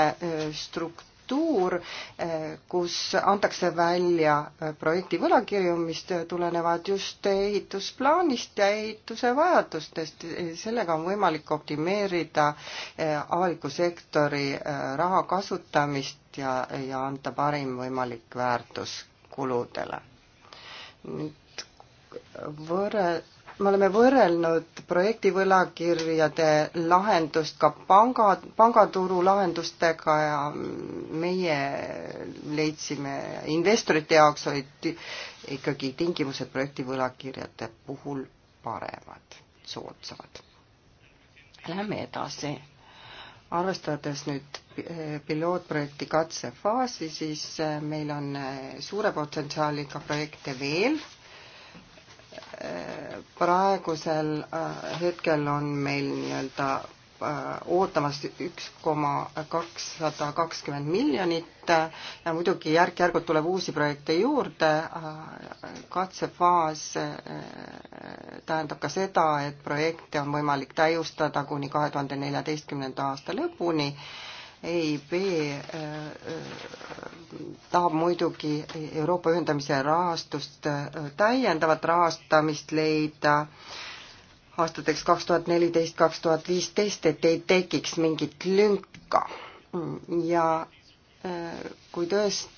struktuur, tuur, eh, kus antakse välja eh, projekti võlakirju, mis tulenevad just ehitusplaanist ja ehituse vajadustest. sellega on võimalik optimeerida eh, avaliku sektori raha kasutamist ja, ja anda parim võimalik väärtus kuludele. nüüd võrre-, me oleme võrrelnud projektivõlakirjade lahendust ka panga, pangaturu lahendustega ja meie leidsime, investorite jaoks olid ikkagi tingimused projektivõlakirjade puhul paremad, soodsamad. Lähme edasi. arvestades nüüd eh, pilootprojekti katsefaasi, siis eh, meil on eh, suure potentsiaaliga projekte veel praegusel äh, hetkel on meil nii-öelda äh, ootamas üks koma kakssada kakskümmend miljonit äh, ja muidugi järk-järgult tuleb uusi projekte juurde. katsefaas tähendab ka seda, et projekte on võimalik täiustada kuni kahe tuhande neljateistkümnenda aasta lõpuni EIB äh, äh, tahab muidugi Euroopa ühendamise rahastust äh, täiendavat rahastamist leida aastateks kaks tuhat neliteist, kaks tuhat viisteist, et ei tekiks mingit lünka. ja kui tõest-,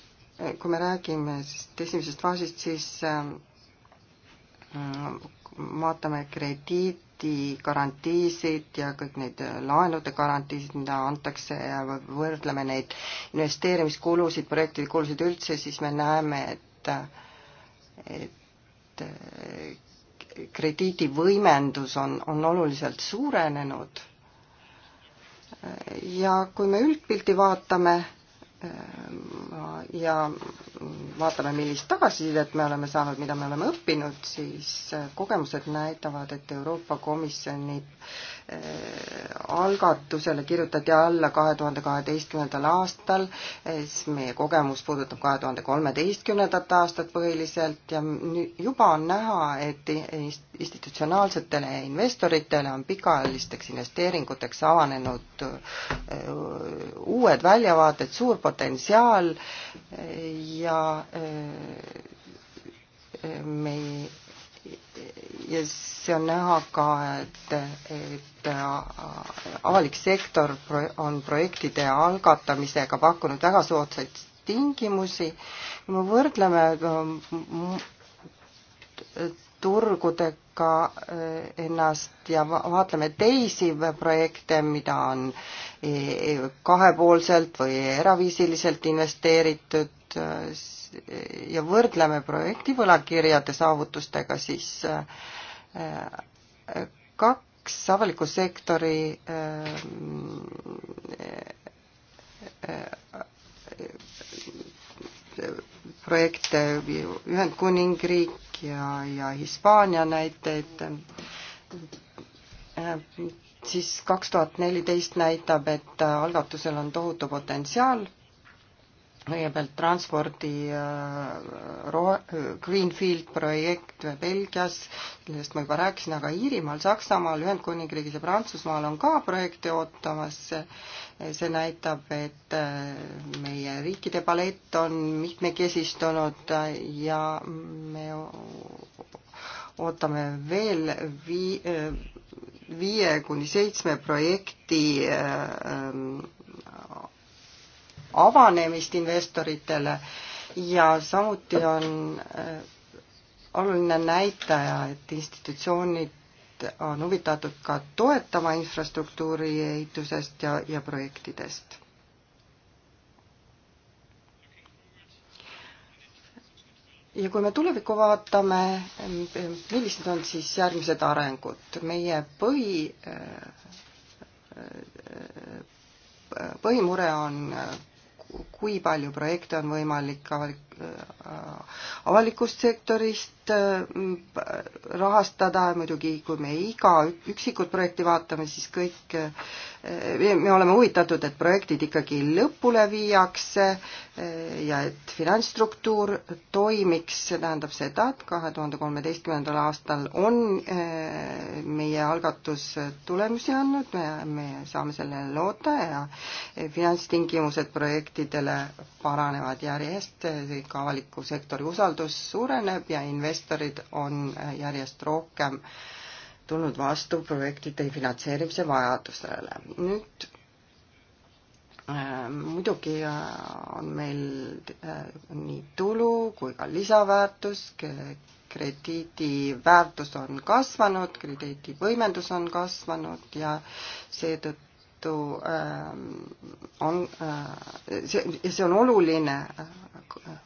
kui me räägime sellest esimesest faasist, siis vaatame krediit, garantii, garantiisid ja kõik need laenude garantiisid, mida antakse ja võrdleme neid investeerimiskulusid, projektide kulusid üldse, siis me näeme, et, et krediidivõimendus on, on oluliselt suurenenud. ja kui me üldpilti vaatame, Ehm, ja vaatame, millist tagasisidet me oleme saanud, mida me oleme õppinud, siis eh, kogemused näitavad, et Euroopa Komisjoni Äh, algatusele kirjutati alla kahe tuhande kaheteistkümnendal aastal, siis meie kogemus puudutab kahe tuhande kolmeteistkümnendat aastat põhiliselt ja juba on näha, et institutsionaalsetele investoritele on pikaajalisteks investeeringuteks avanenud äh, uued väljavaated, suur potentsiaal äh, ja me ei ja see on näha ka, et, et avalik sektor on projektide algatamisega pakkunud väga soodsaid tingimusi. kui me võrdleme äh, turgudega äh, ennast ja vaatleme teisi projekte, mida on e-, e-, kahepoolselt või eraviisiliselt investeeritud, Äh, ja võrdleme projekti võlakirjade saavutustega, siis äh, kaks avaliku sektori äh, projekte, Ühendkuningriik ja, ja Hispaania näiteid, siis kaks tuhat neliteist näitab, et algatusel on tohutu potentsiaal kõigepealt transpordi äh, rohe, Greenfield projekt Belgias, millest ma juba rääkisin, aga Iirimaal, Saksamaal, Ühendkuningriigis ja Prantsusmaal on ka projekte ootamas. see näitab, et äh, meie riikide palett on mitmekesistunud ja me ootame veel vii-, viie kuni seitsme projekti äh, avanemist investoritele ja samuti on äh, oluline näitaja, et institutsioonid on huvitatud ka toetama infrastruktuuri ehitusest ja, ja projektidest. ja kui me tulevikku vaatame, millised on siis järgmised arengud, meie põhi, äh, äh, põhimure on kui palju projekte on võimalik avalik Äh, avalikust sektorist äh, rahastada, muidugi kui me iga üksikut projekti vaatame, siis kõik, äh, me oleme huvitatud, et projektid ikkagi lõpule viiakse ja et finantsstruktuur toimiks, see tähendab seda, et kahe tuhande kolmeteistkümnendal aastal on meie algatus tulemusi andnud, me saame sellele loota ja finantstingimused projektidele paranevad järjest, ka avaliku sektori usaldus suureneb ja investorid on äh, järjest rohkem tulnud vastu projektide finantseerimise vajadusele. nüüd äh, muidugi äh, on meil nii tulu kui ka lisaväärtus, krediidi väärtus on kasvanud, krediidi võimendus on kasvanud ja seetõttu seetõttu ähm, on, äh, see, see on oluline, äh,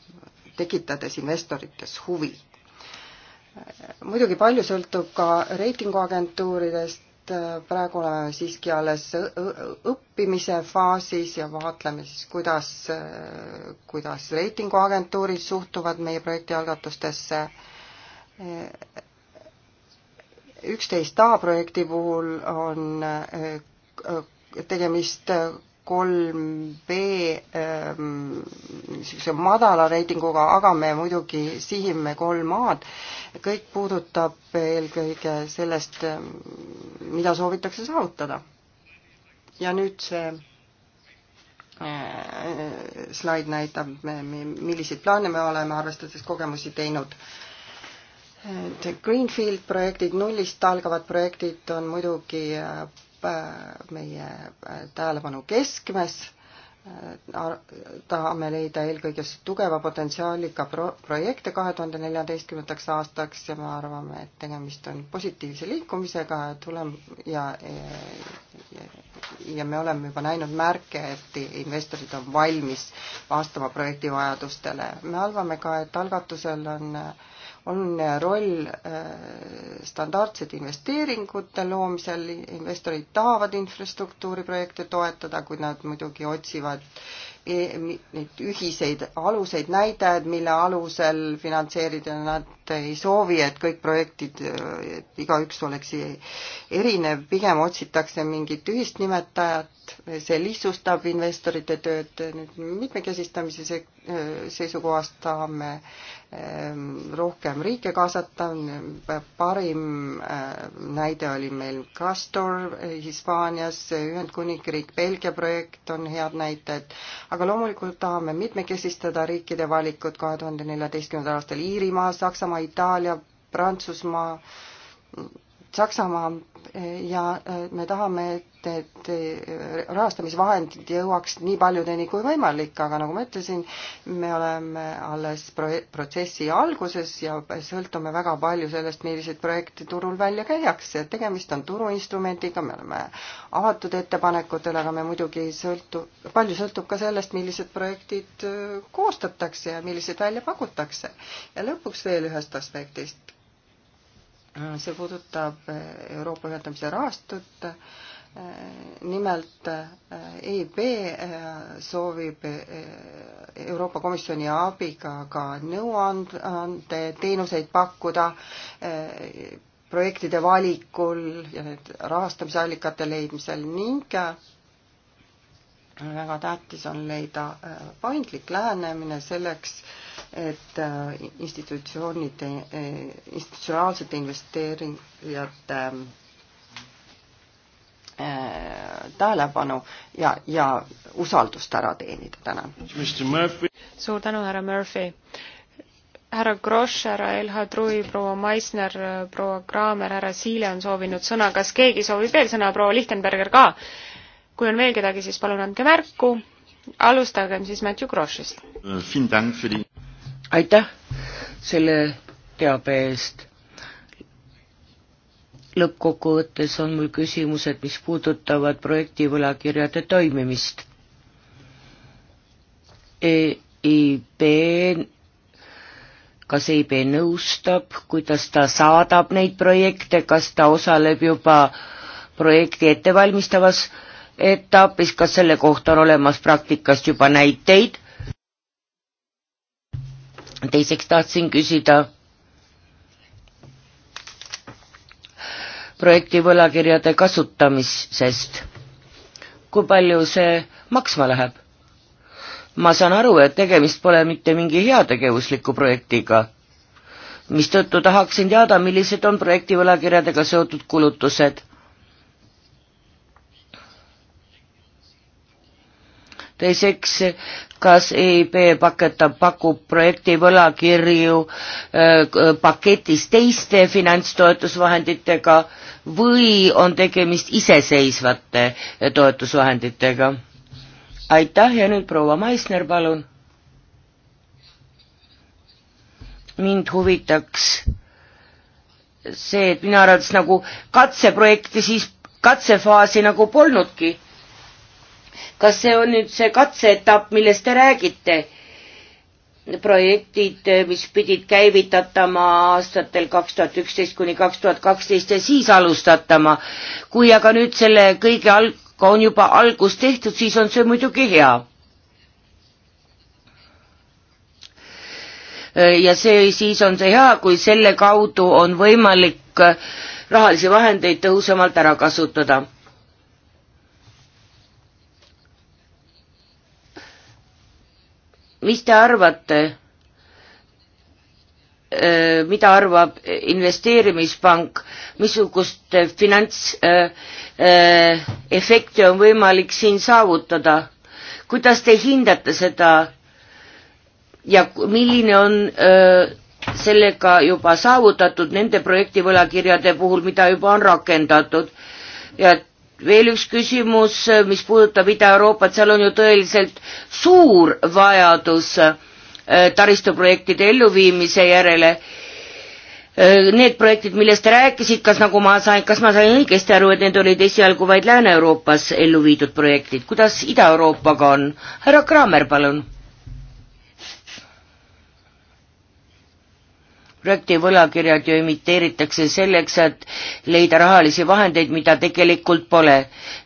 tekitades investorites huvi. muidugi palju sõltub ka reitinguagentuuridest, äh, praegu oleme siiski alles õppimise faasis ja vaatleme siis, kuidas, kuidas reitinguagentuurid suhtuvad meie projektialgatustesse. üksteist A projekti puhul on tegemist kolm B ähm, niisuguse madala reitinguga, aga me muidugi sihime kolm A-d. kõik puudutab eelkõige sellest, ähm, mida soovitakse saavutada. ja nüüd see äh, äh, slaid näitab, milliseid plaane me oleme arvestades kogemusi teinud äh, Greenfield projektid, nullist algavad projektid on muidugi Äh, meie äh, tähelepanu keskmes äh, tahame leida eelkõige tugeva potentsiaaliga pro-, projekte kahe tuhande neljateistkümnendaks aastaks ja me arvame, et tegemist on positiivse liikumisega ja tulem- ja, ja ja me oleme juba näinud märke, et investorid on valmis vastama projekti vajadustele. me arvame ka, et algatusel on äh, oluline roll äh, standardsete investeeringute loomisel, investorid tahavad infrastruktuuriprojekte toetada, kuid nad muidugi otsivad e, neid ühiseid aluseid, näitajad, mille alusel finantseerida, nad ei soovi, et kõik projektid, et igaüks oleks erinev, pigem otsitakse mingit ühist nimetajat, see lihtsustab investorite tööd, nüüd mitmekesistamise seisukohast tahame ehm, rohkem riike kaasata, parim ehm, näide oli meil Castor Hispaanias, Ühendkuningriik, Belgia projekt on head näited, aga loomulikult tahame mitmekesistada riikide valikud kahe tuhande neljateistkümnendal aastal Iirimaa, Saksamaa, Saksamaa, Itaalia, Prantsusmaa, Saksamaa eh, ja eh, me tahame, et need eh, rahastamisvahendid jõuaks nii paljudeni kui võimalik, aga nagu ma ütlesin, me oleme alles pro-, protsessi alguses ja sõltume väga palju sellest, milliseid projekte turul välja käiakse, tegemist on turuinstrumendiga, me oleme avatud ettepanekutele, aga me muidugi sõltu-, palju sõltub ka sellest, millised projektid koostatakse ja millised välja pakutakse. ja lõpuks veel ühest aspektist see puudutab Euroopa ühendamise rahastut. nimelt EIB soovib Euroopa Komisjoni abiga ka nõuandeteenuseid pakkuda projektide valikul ja need rahastamisallikate leidmisel ning väga tähtis on leida paindlik lähenemine selleks, et äh, institutsioonide, äh, institutsionaalsete investeerijate äh, tähelepanu ja, ja usaldust ära teenida, tänan. suur tänu, härra Murphy. härra Grosch, härra Elha Trui, proua Meissner, proua Kraamer, härra Siile on soovinud sõna, kas keegi soovib veel sõna, proua Lichtenberger ka? kui on veel kedagi, siis palun andke märku alustagem siis Matthew Grossist aitäh selle teabe eest. lõppkokkuvõttes on mul küsimused, mis puudutavad projekti võlakirjade toimimist e. EIB, kas EIB nõustab, kuidas ta saadab neid projekte, kas ta osaleb juba projekti ettevalmistavas etapis, kas selle kohta on olemas praktikast juba näiteid teiseks tahtsin küsida projekti võlakirjade kasutamisest. kui palju see maksma läheb? ma saan aru, et tegemist pole mitte mingi heategevusliku projektiga, mistõttu tahaksin teada, millised on projekti võlakirjadega seotud kulutused teiseks, kas EIB paketab, pakub projekti võlakirju äh, paketis teiste finantstoetusvahenditega või on tegemist iseseisvate äh, toetusvahenditega? aitäh ja nüüd proua Maisner, palun. mind huvitaks see, et minu arvates nagu katseprojekti siis katsefaasi nagu polnudki kas see on nüüd see katseetapp, millest te räägite? projektid, mis pidid käivitatama aastatel kaks tuhat üksteist kuni kaks tuhat kaksteist ja siis alustatama. kui aga nüüd selle kõige alg-, on juba algus tehtud, siis on see muidugi hea ja see siis on see hea, kui selle kaudu on võimalik rahalisi vahendeid tõhusamalt ära kasutada. mis te arvate, äh, mida arvab investeerimispank, missugust finantsefekti äh, äh, on võimalik siin saavutada, kuidas te hindate seda ja milline on öö, sellega juba saavutatud nende projektivõlakirjade puhul, mida juba on rakendatud ja veel üks küsimus, mis puudutab Ida-Euroopat, seal on ju tõeliselt suur vajadus äh, taristuprojektide elluviimise järele. Äh, need projektid, millest te rääkisid, kas nagu ma sain, kas ma sain õigesti aru, et need olid esialgu vaid Lääne-Euroopas ellu viidud projektid, kuidas Ida-Euroopaga on? härra Kraamer, palun projekti võlakirjad ju emiteeritakse selleks, et leida rahalisi vahendeid, mida tegelikult pole.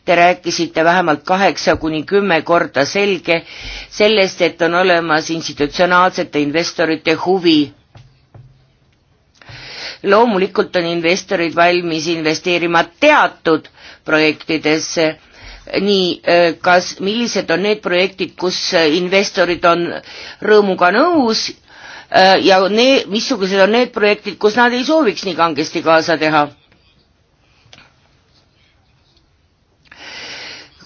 Te rääkisite vähemalt kaheksa kuni kümme korda selge sellest, et on olemas institutsionaalsete investorite huvi. loomulikult on investorid valmis investeerima teatud projektidesse nii, äh, kas, millised on need projektid, kus investorid on rõõmuga nõus Äh, ja need, missugused on need projektid, kus nad ei sooviks nii kangesti kaasa teha.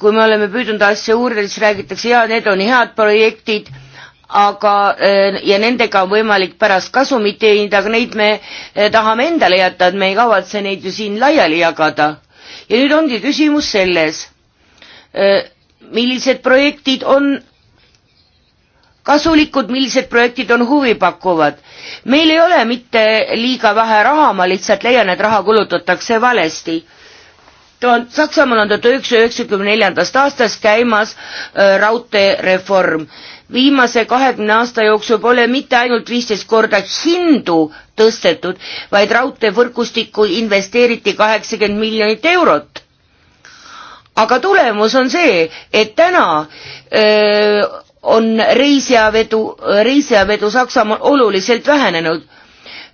kui me oleme püüdnud asja uurida, siis räägitakse, jaa, need on head projektid, aga äh, ja nendega on võimalik pärast kasumit teenida, aga neid me äh, tahame endale jätta, et me ei kavatse neid ju siin laiali jagada. ja nüüd ongi küsimus selles, millised projektid on kasulikud, millised projektid on huvipakkuvad. meil ei ole mitte liiga vähe raha, ma lihtsalt leian, et raha kulutatakse valesti. tuhande, Saksamaal on tuhande üheksasaja üheksakümne neljandast aastast käimas äh, raudteereform. viimase kahekümne aasta jooksul pole mitte ainult viisteist korda hindu tõstetud, vaid raudteevõrgustikku investeeriti kaheksakümmend miljonit eurot. aga tulemus on see, et täna öö, äh, on reisijavedu, reisijavedu Saksamaal oluliselt vähenenud.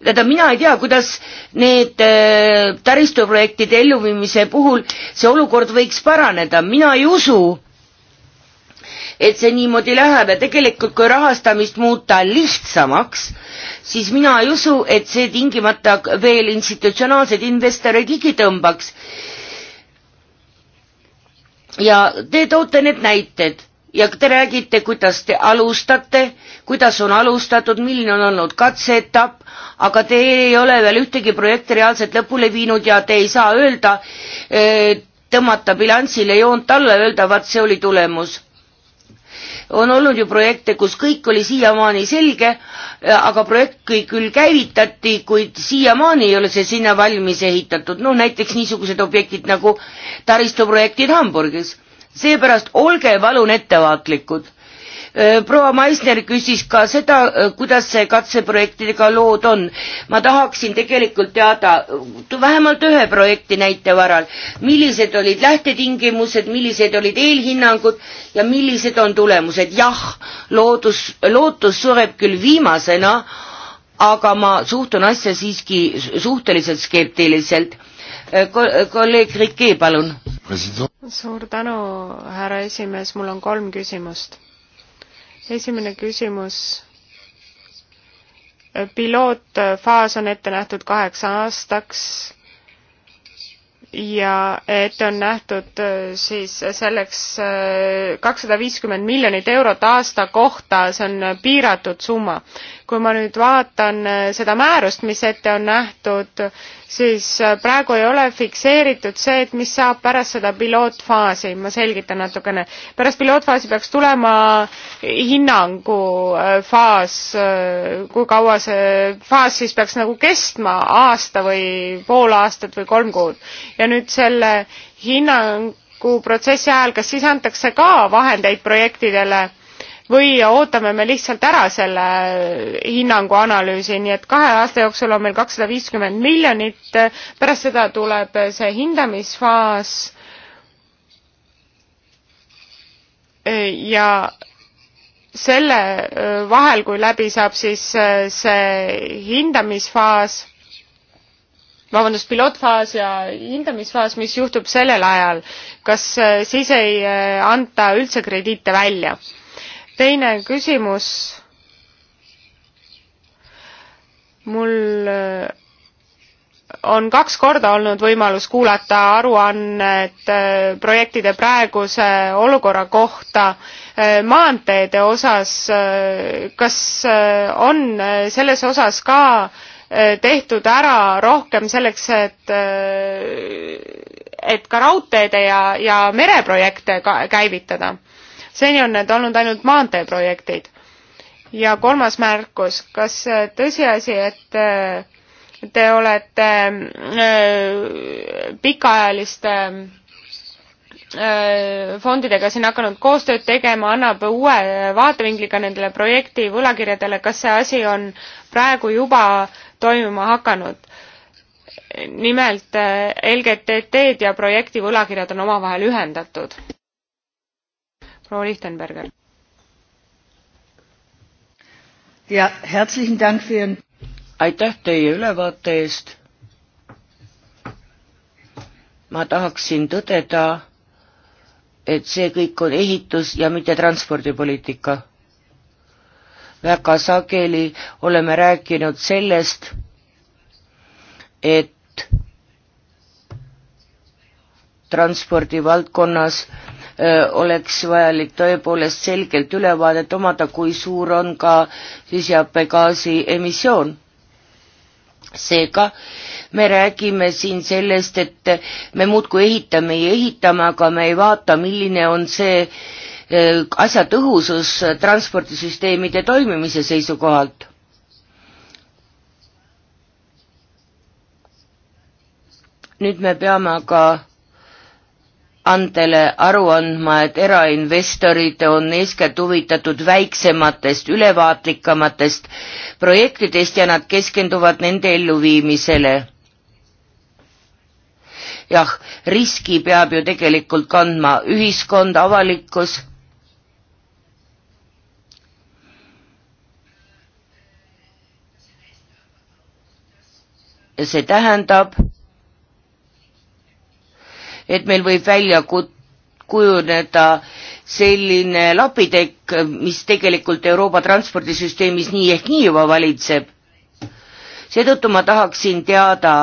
tähendab, mina ei tea, kuidas need äh, taristuprojektide elluviimise puhul see olukord võiks paraneda, mina ei usu, et see niimoodi läheb ja tegelikult kui rahastamist muuta lihtsamaks, siis mina ei usu, et see tingimata veel institutsionaalseid investoreid ligi tõmbaks. ja te toote need näited ja te räägite, kuidas te alustate, kuidas on alustatud, milline on olnud katseetapp, aga te ei ole veel ühtegi projekti reaalselt lõpule viinud ja te ei saa öelda, e, tõmmata bilansile joont alla, öelda vaat see oli tulemus. on olnud ju projekte, kus kõik oli siiamaani selge, e, aga projekt küll käivitati, kuid siiamaani ei ole see sinna valmis ehitatud, no näiteks niisugused objektid nagu taristuprojektid Hamburgis seepärast olge palun ettevaatlikud. Äh, proua Maisner küsis ka seda, äh, kuidas see katseprojektidega lood on. ma tahaksin tegelikult teada äh, vähemalt ühe projekti näite varal, millised olid lähtetingimused, millised olid eelhinnangud ja millised on tulemused. jah, loodus, lootus sureb küll viimasena, aga ma suhtun asja siiski suhteliselt skeptiliselt Eh, eh, kolleeg Riki, palun. suur tänu, härra esimees, mul on kolm küsimust. esimene küsimus. pilootfaas on ette nähtud kaheks aastaks ja ette on nähtud eh, siis selleks kakssada viiskümmend miljonit eurot aasta kohta, see on piiratud summa kui ma nüüd vaatan eh, seda määrust, mis ette on nähtud, siis eh, praegu ei ole fikseeritud see, et mis saab pärast seda pilootfaasi, ma selgitan natukene. pärast pilootfaasi peaks tulema hinnangu eh, faas, kui kaua see faas siis peaks nagu kestma, aasta või pool aastat või kolm kuud. ja nüüd selle hinnangu protsessi ajal, kas siis antakse ka vahendeid projektidele või ootame me lihtsalt ära selle hinnangu analüüsi, nii et kahe aasta jooksul on meil kakssada viiskümmend miljonit, pärast seda tuleb see hindamisfaas ja selle vahel, kui läbi saab siis see hindamisfaas, vabandust, pilootfaas ja hindamisfaas, mis juhtub sellel ajal, kas siis ei anta üldse krediite välja? teine küsimus. mul äh, on kaks korda olnud võimalus kuulata aruannet äh, projektide praeguse olukorra kohta äh, maanteede osas. kas on selles osas ka tehtud ära rohkem selleks, et, et ka raudteede ja, ja mereprojekte käivitada? seni on need olnud ainult maanteeprojektid. ja kolmas märkus, kas äh, tõsiasi, et äh, te olete äh, pikaajaliste fondidega siin hakanud koostööd tegema, annab uue vaatevingliga nendele projekti võlakirjadele, kas see asi on praegu juba toimuma hakanud? nimelt LGTT-d ja projekti võlakirjad on omavahel ühendatud proua Lichtenberger. ja herzlichen Dank für Ihren aitäh teie ülevaate eest. ma tahaksin tõdeda, et see kõik on ehitus ja mitte transpordipoliitika. väga sageli oleme rääkinud sellest, et transpordivaldkonnas oleks vajalik tõepoolest selgelt ülevaadet omada, kui suur on ka süsihappegaasi emissioon. seega me räägime siin sellest, et me muudkui ehitame ja ehitame, aga me ei vaata, milline on see asja tõhusus transpordisüsteemide toimimise seisukohalt nüüd me peame aga andele aru andma, et erainvestorid on eeskätt huvitatud väiksematest, ülevaatlikamatest projektidest ja nad keskenduvad nende elluviimisele. jah, riski peab ju tegelikult kandma ühiskond, avalikkus. ja see tähendab et meil võib välja kujuneda selline lapitekk, mis tegelikult Euroopa transpordisüsteemis nii ehk nii juba valitseb. seetõttu ma tahaksin teada,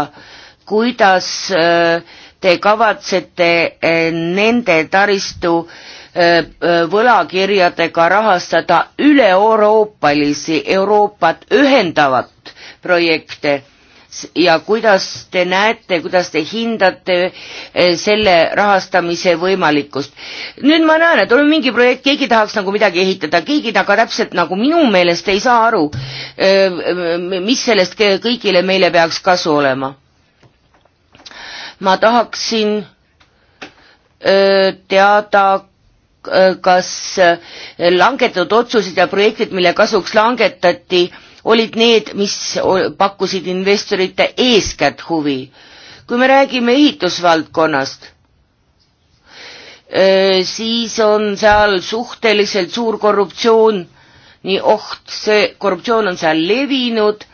kuidas äh, te kavatsete äh, nende taristu äh, võlakirjadega rahastada üle-euroopalisi, Euroopat ühendavat projekte ja kuidas te näete, kuidas te hindate eh, selle rahastamise võimalikkust. nüüd ma näen, et on mingi projekt, keegi tahaks nagu midagi ehitada, keegi aga täpselt nagu minu meelest ei saa aru, eh, mis sellest kõigile meile peaks kasu olema. ma tahaksin eh, teada, kas langetatud otsused ja projektid, mille kasuks langetati, olid need, mis pakkusid investorite eeskätt huvi. kui me räägime ehitusvaldkonnast, siis on seal suhteliselt suur korruptsioon, nii oht, see korruptsioon on seal levinud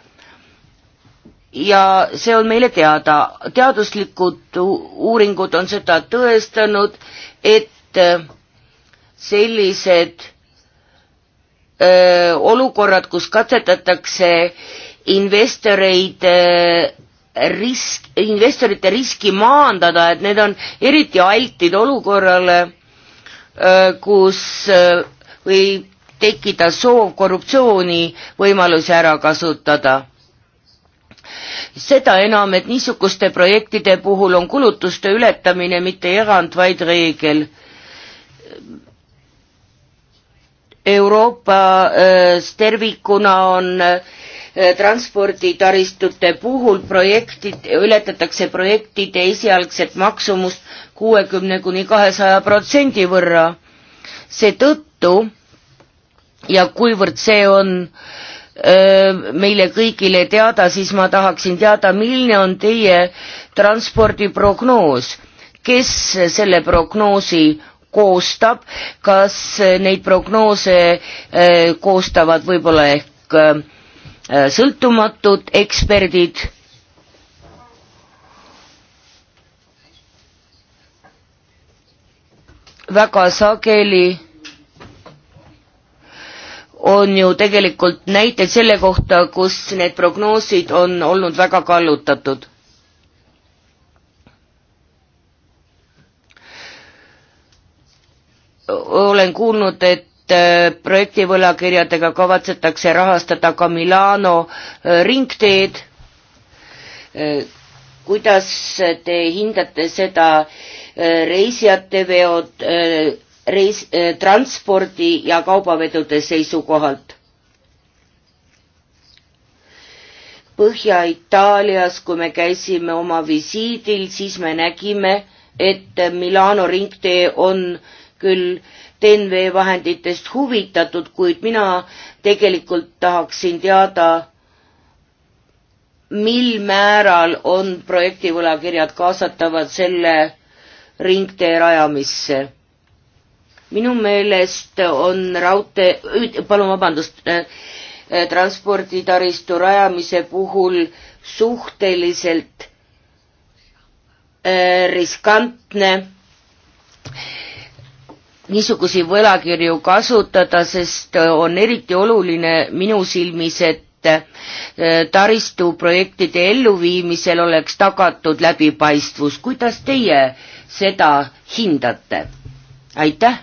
ja see on meile teada. teaduslikud uuringud on seda tõestanud, et sellised öö, olukorrad, kus katsetatakse investoreid risk, investorite riski maandada, et need on eriti altid olukorrale, kus võib tekkida soov korruptsiooni võimalusi ära kasutada. seda enam, et niisuguste projektide puhul on kulutuste ületamine mitte erand, vaid reegel Euroopas tervikuna on äh, transporditaristute puhul projektid, ületatakse projektide esialgset maksumust kuuekümne kuni kahesaja protsendi võrra. seetõttu ja kuivõrd see on öö, äh, meile kõigile teada, siis ma tahaksin teada, milline on teie transpordiprognoos, kes selle prognoosi koostab, kas neid prognoose eh, koostavad võib-olla ehk eh, sõltumatud eksperdid väga sageli on ju tegelikult näiteid selle kohta, kus need prognoosid on olnud väga kallutatud. olen kuulnud, et äh, projektivõlakirjadega kavatsetakse rahastada ka Milano äh, ringteed. Äh, kuidas te hindate seda reisijate veod reis, transpordi ja kaubavedude seisukohalt? Põhja-Itaalias, kui me käisime oma visiidil, siis me nägime, et Milano ringtee on äh, küll TNV vahenditest huvitatud, kuid mina tegelikult tahaksin teada, mil määral on projektivõlakirjad kaasatavad selle ringtee rajamisse. minu meelest on raudtee, palun vabandust äh, äh,, transporditaristu rajamise puhul suhteliselt äh, riskantne äh, niisugusi võlakirju kasutada, sest äh, on eriti oluline minu silmis, et äh, taristuprojektide elluviimisel oleks tagatud läbipaistvus. kuidas teie seda hindate? aitäh!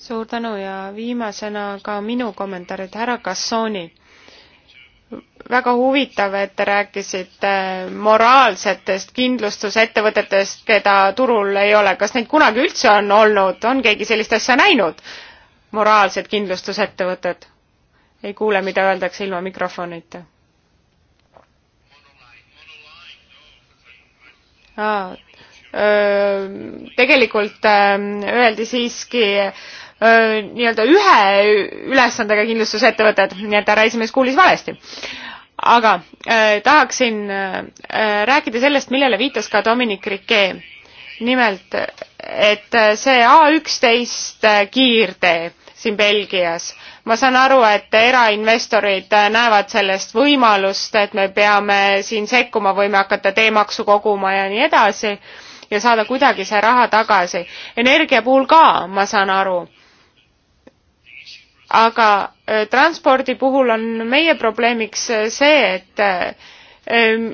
suur tänu ja viimasena ka minu kommentaarid, härra Kassooni väga huvitav, et te rääkisite moraalsetest kindlustusettevõtetest, keda turul ei ole. kas neid kunagi üldse on olnud, on keegi sellist asja näinud? moraalsed kindlustusettevõtted? ei kuule, mida öeldakse ilma mikrofonita. tegelikult ähm, öeldi siiski nii-öelda ühe ülesandega kindlustusettevõtted, nii et härra esimees kuulis valesti aga äh, tahaksin äh, rääkida sellest, millele viitas ka Dominic Riquet. nimelt, et äh, see A üksteist äh, kiirtee siin Belgias, ma saan aru, et erainvestorid äh, näevad sellest võimalust, et me peame siin sekkuma, võime hakata teemaksu koguma ja nii edasi ja saada kuidagi see raha tagasi. energia puhul ka, ma saan aru aga äh, transpordi puhul on meie probleemiks äh, see, et äh, ähm,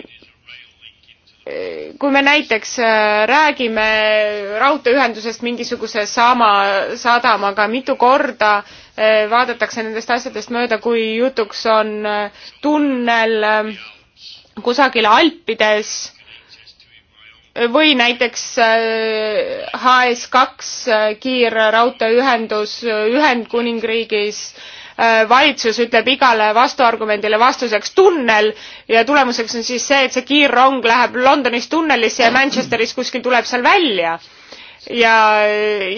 kui me näiteks räägime raudteeühendusest mingisuguse sama sadamaga mitu korda, vaadatakse nendest asjadest mööda, kui jutuks on tunnel kusagil Alpides või näiteks HS2 äh, äh, kiirraudteeühendus äh, Ühendkuningriigis, valitsus ütleb igale vastuargumendile vastuseks tunnel ja tulemuseks on siis see, et see kiirrong läheb Londonis tunnelisse ja Manchesteris kuskil tuleb seal välja. ja,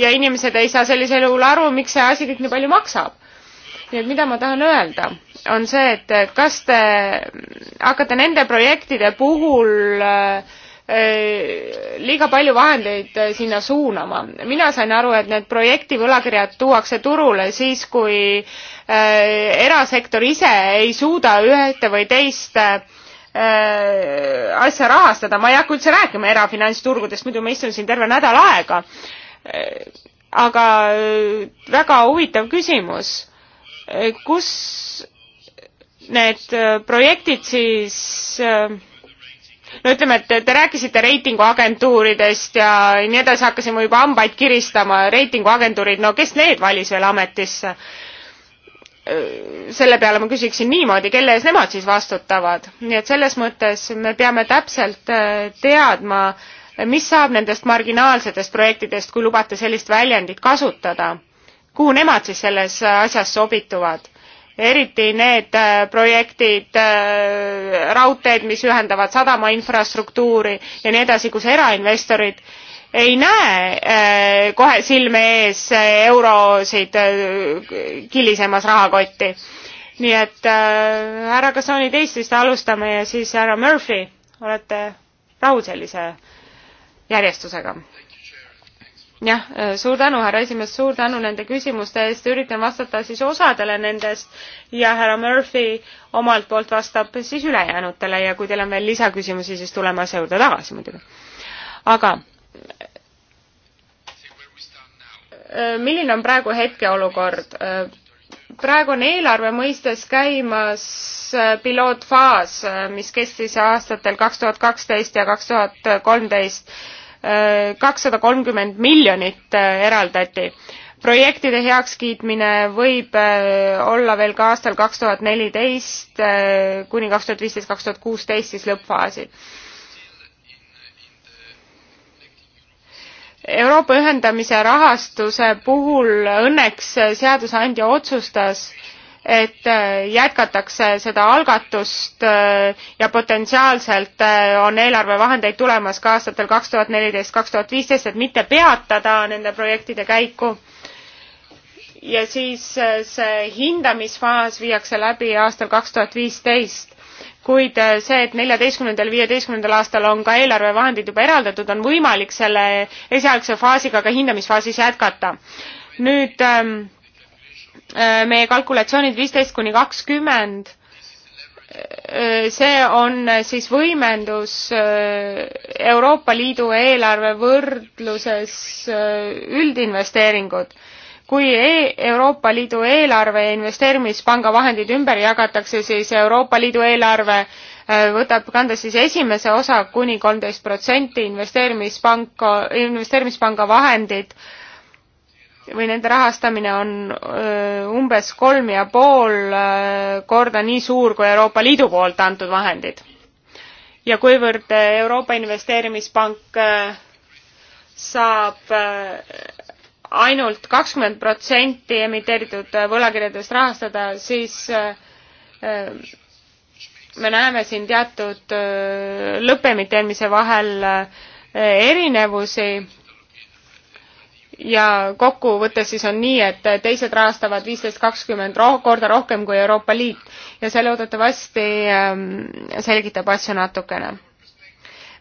ja inimesed ei saa sellisel juhul aru, miks see asi kõik nii palju maksab nii et mida ma tahan öelda, on see, et kas te hakkate nende projektide puhul äh, Äh, liiga palju vahendeid äh, sinna suunama. mina sain aru, et need projekti võlakirjad tuuakse turule siis, kui äh, erasektor ise ei suuda ühte või teist asja rahastada, ma ei hakka üldse rääkima erafinantsturgudest, muidu ma istun siin terve nädal aega. aga väga huvitav küsimus, kus need projektid siis äh, no ütleme, et te rääkisite reitinguagentuuridest ja nii edasi, hakkasime juba hambaid kiristama, reitinguagentuurid, no kes need valis veel ametisse? selle peale ma küsiksin niimoodi, kelle ees nemad siis vastutavad, nii et selles mõttes me peame täpselt äh, teadma, mis saab nendest marginaalsetest projektidest, kui lubate sellist väljendit kasutada, kuhu nemad siis selles äh, asjas sobituvad eriti need äh, projektid, äh, raudteed, mis ühendavad sadama infrastruktuuri ja nii edasi, kus erainvestorid ei näe äh, kohe silme ees eurosid kilisemas rahakotti. nii et härra Kassooni teist vist alustame ja siis härra Murphy, olete rahul sellise järjestusega? jah, äh, suur tänu, härra esimees, suur tänu nende küsimuste eest, üritan vastata siis osadele nendest ja härra Murphy omalt poolt vastab siis ülejäänutele ja kui teil on veel lisaküsimusi, siis tuleme asja juurde tagasi muidugi. aga äh, milline on praegu hetkeolukord? Äh, praegu on eelarve mõistes käimas pilootfaas, mis kestis aastatel kaks tuhat kaksteist ja kaks tuhat kolmteist kakssada kolmkümmend miljonit äh, eraldati. projektide heakskiitmine võib äh, olla veel ka aastal kaks tuhat neliteist äh, kuni kaks tuhat viisteist, kaks tuhat kuusteist siis lõppfaasi. Euroopa ühendamise rahastuse puhul õnneks seadusandja otsustas, et äh, jätkatakse seda algatust äh, ja potentsiaalselt äh, on eelarvevahendeid tulemas ka aastatel kaks tuhat neliteist, kaks tuhat viisteist, et mitte peatada nende projektide käiku. ja siis see hindamisfaas viiakse läbi aastal kaks tuhat viisteist kuid see, et neljateistkümnendal, viieteistkümnendal aastal on ka eelarvevahendid juba eraldatud, on võimalik selle esialgse faasiga ka hindamisfaasis jätkata. nüüd ähm, Äh, meie kalkulatsioonid viisteist kuni kakskümmend. Äh, see on äh, siis võimendus Euroopa Liidu eelarve võrdluses üldinvesteeringud kui e-, Euroopa Liidu eelarve ja investeerimispanga vahendid ümber jagatakse, siis Euroopa Liidu eelarve võtab kanda siis esimese osa kuni kolmteist protsenti, investeerimispank, investeerimispanga vahendid äh, või nende rahastamine on öö, umbes kolm ja pool korda nii suur kui Euroopa Liidu poolt antud vahendid. ja kuivõrd Euroopa Investeerimispank saab ainult kakskümmend protsenti emiteeritud võlakirjadest rahastada, siis me näeme siin teatud lõppemiteerimise vahel erinevusi ja kokkuvõttes siis on nii, et teised rahastavad viisteist, kakskümmend korda rohkem kui Euroopa Liit ja see loodetavasti ähm, selgitab asju natukene.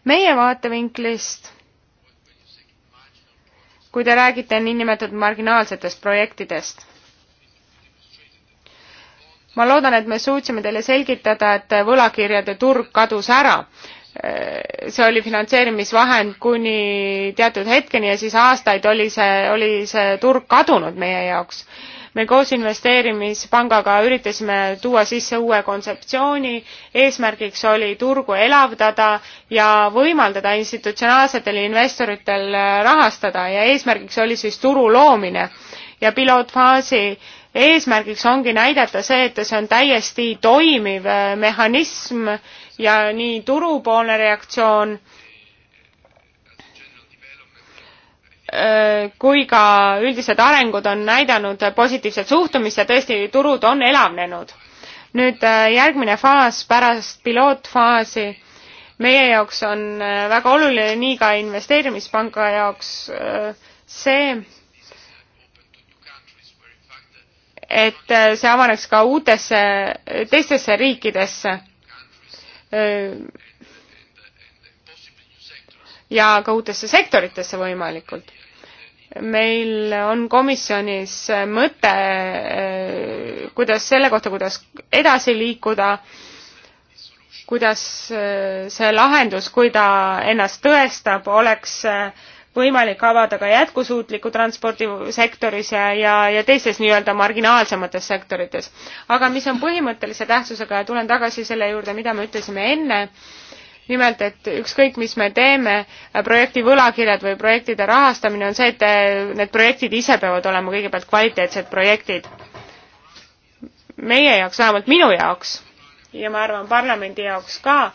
meie vaatevinklist, kui te räägite niinimetatud marginaalsetest projektidest, ma loodan, et me suutsime teile selgitada, et võlakirjade turg kadus ära Äh, see oli finantseerimisvahend kuni teatud hetkeni ja siis aastaid oli see, oli see turg kadunud meie jaoks. me koos investeerimispangaga üritasime tuua sisse uue kontseptsiooni, eesmärgiks oli turgu elavdada ja võimaldada institutsionaalsetel investoritel äh, rahastada ja eesmärgiks oli siis turu loomine ja pilootfaasi eesmärgiks ongi näidata see, et see on täiesti toimiv äh, mehhanism ja nii turupoolne reaktsioon äh, kui ka üldised arengud on näidanud positiivset suhtumist ja tõesti, turud on elavnenud. nüüd äh, järgmine faas pärast pilootfaasi meie jaoks on äh, väga oluline, nii ka investeerimispanga jaoks see, et see avaneks ka uutesse, teistesse riikidesse Äh, ja ka uutesse sektoritesse võimalikult. meil on komisjonis mõte, äh, kuidas selle kohta, kuidas edasi liikuda, kuidas äh, see lahendus, kui ta ennast tõestab, oleks äh, võimalik avada ka jätkusuutliku transpordisektoris ja, ja, ja teistes nii-öelda marginaalsemates sektorites. aga mis on põhimõttelise tähtsusega ja tulen tagasi selle juurde, mida me ütlesime enne, nimelt, et ükskõik, mis me teeme, projekti võlakirjad või projektide rahastamine on see, et need projektid ise peavad olema kõigepealt kvaliteetsed projektid. meie jaoks, vähemalt minu jaoks ja ma arvan parlamendi jaoks ka,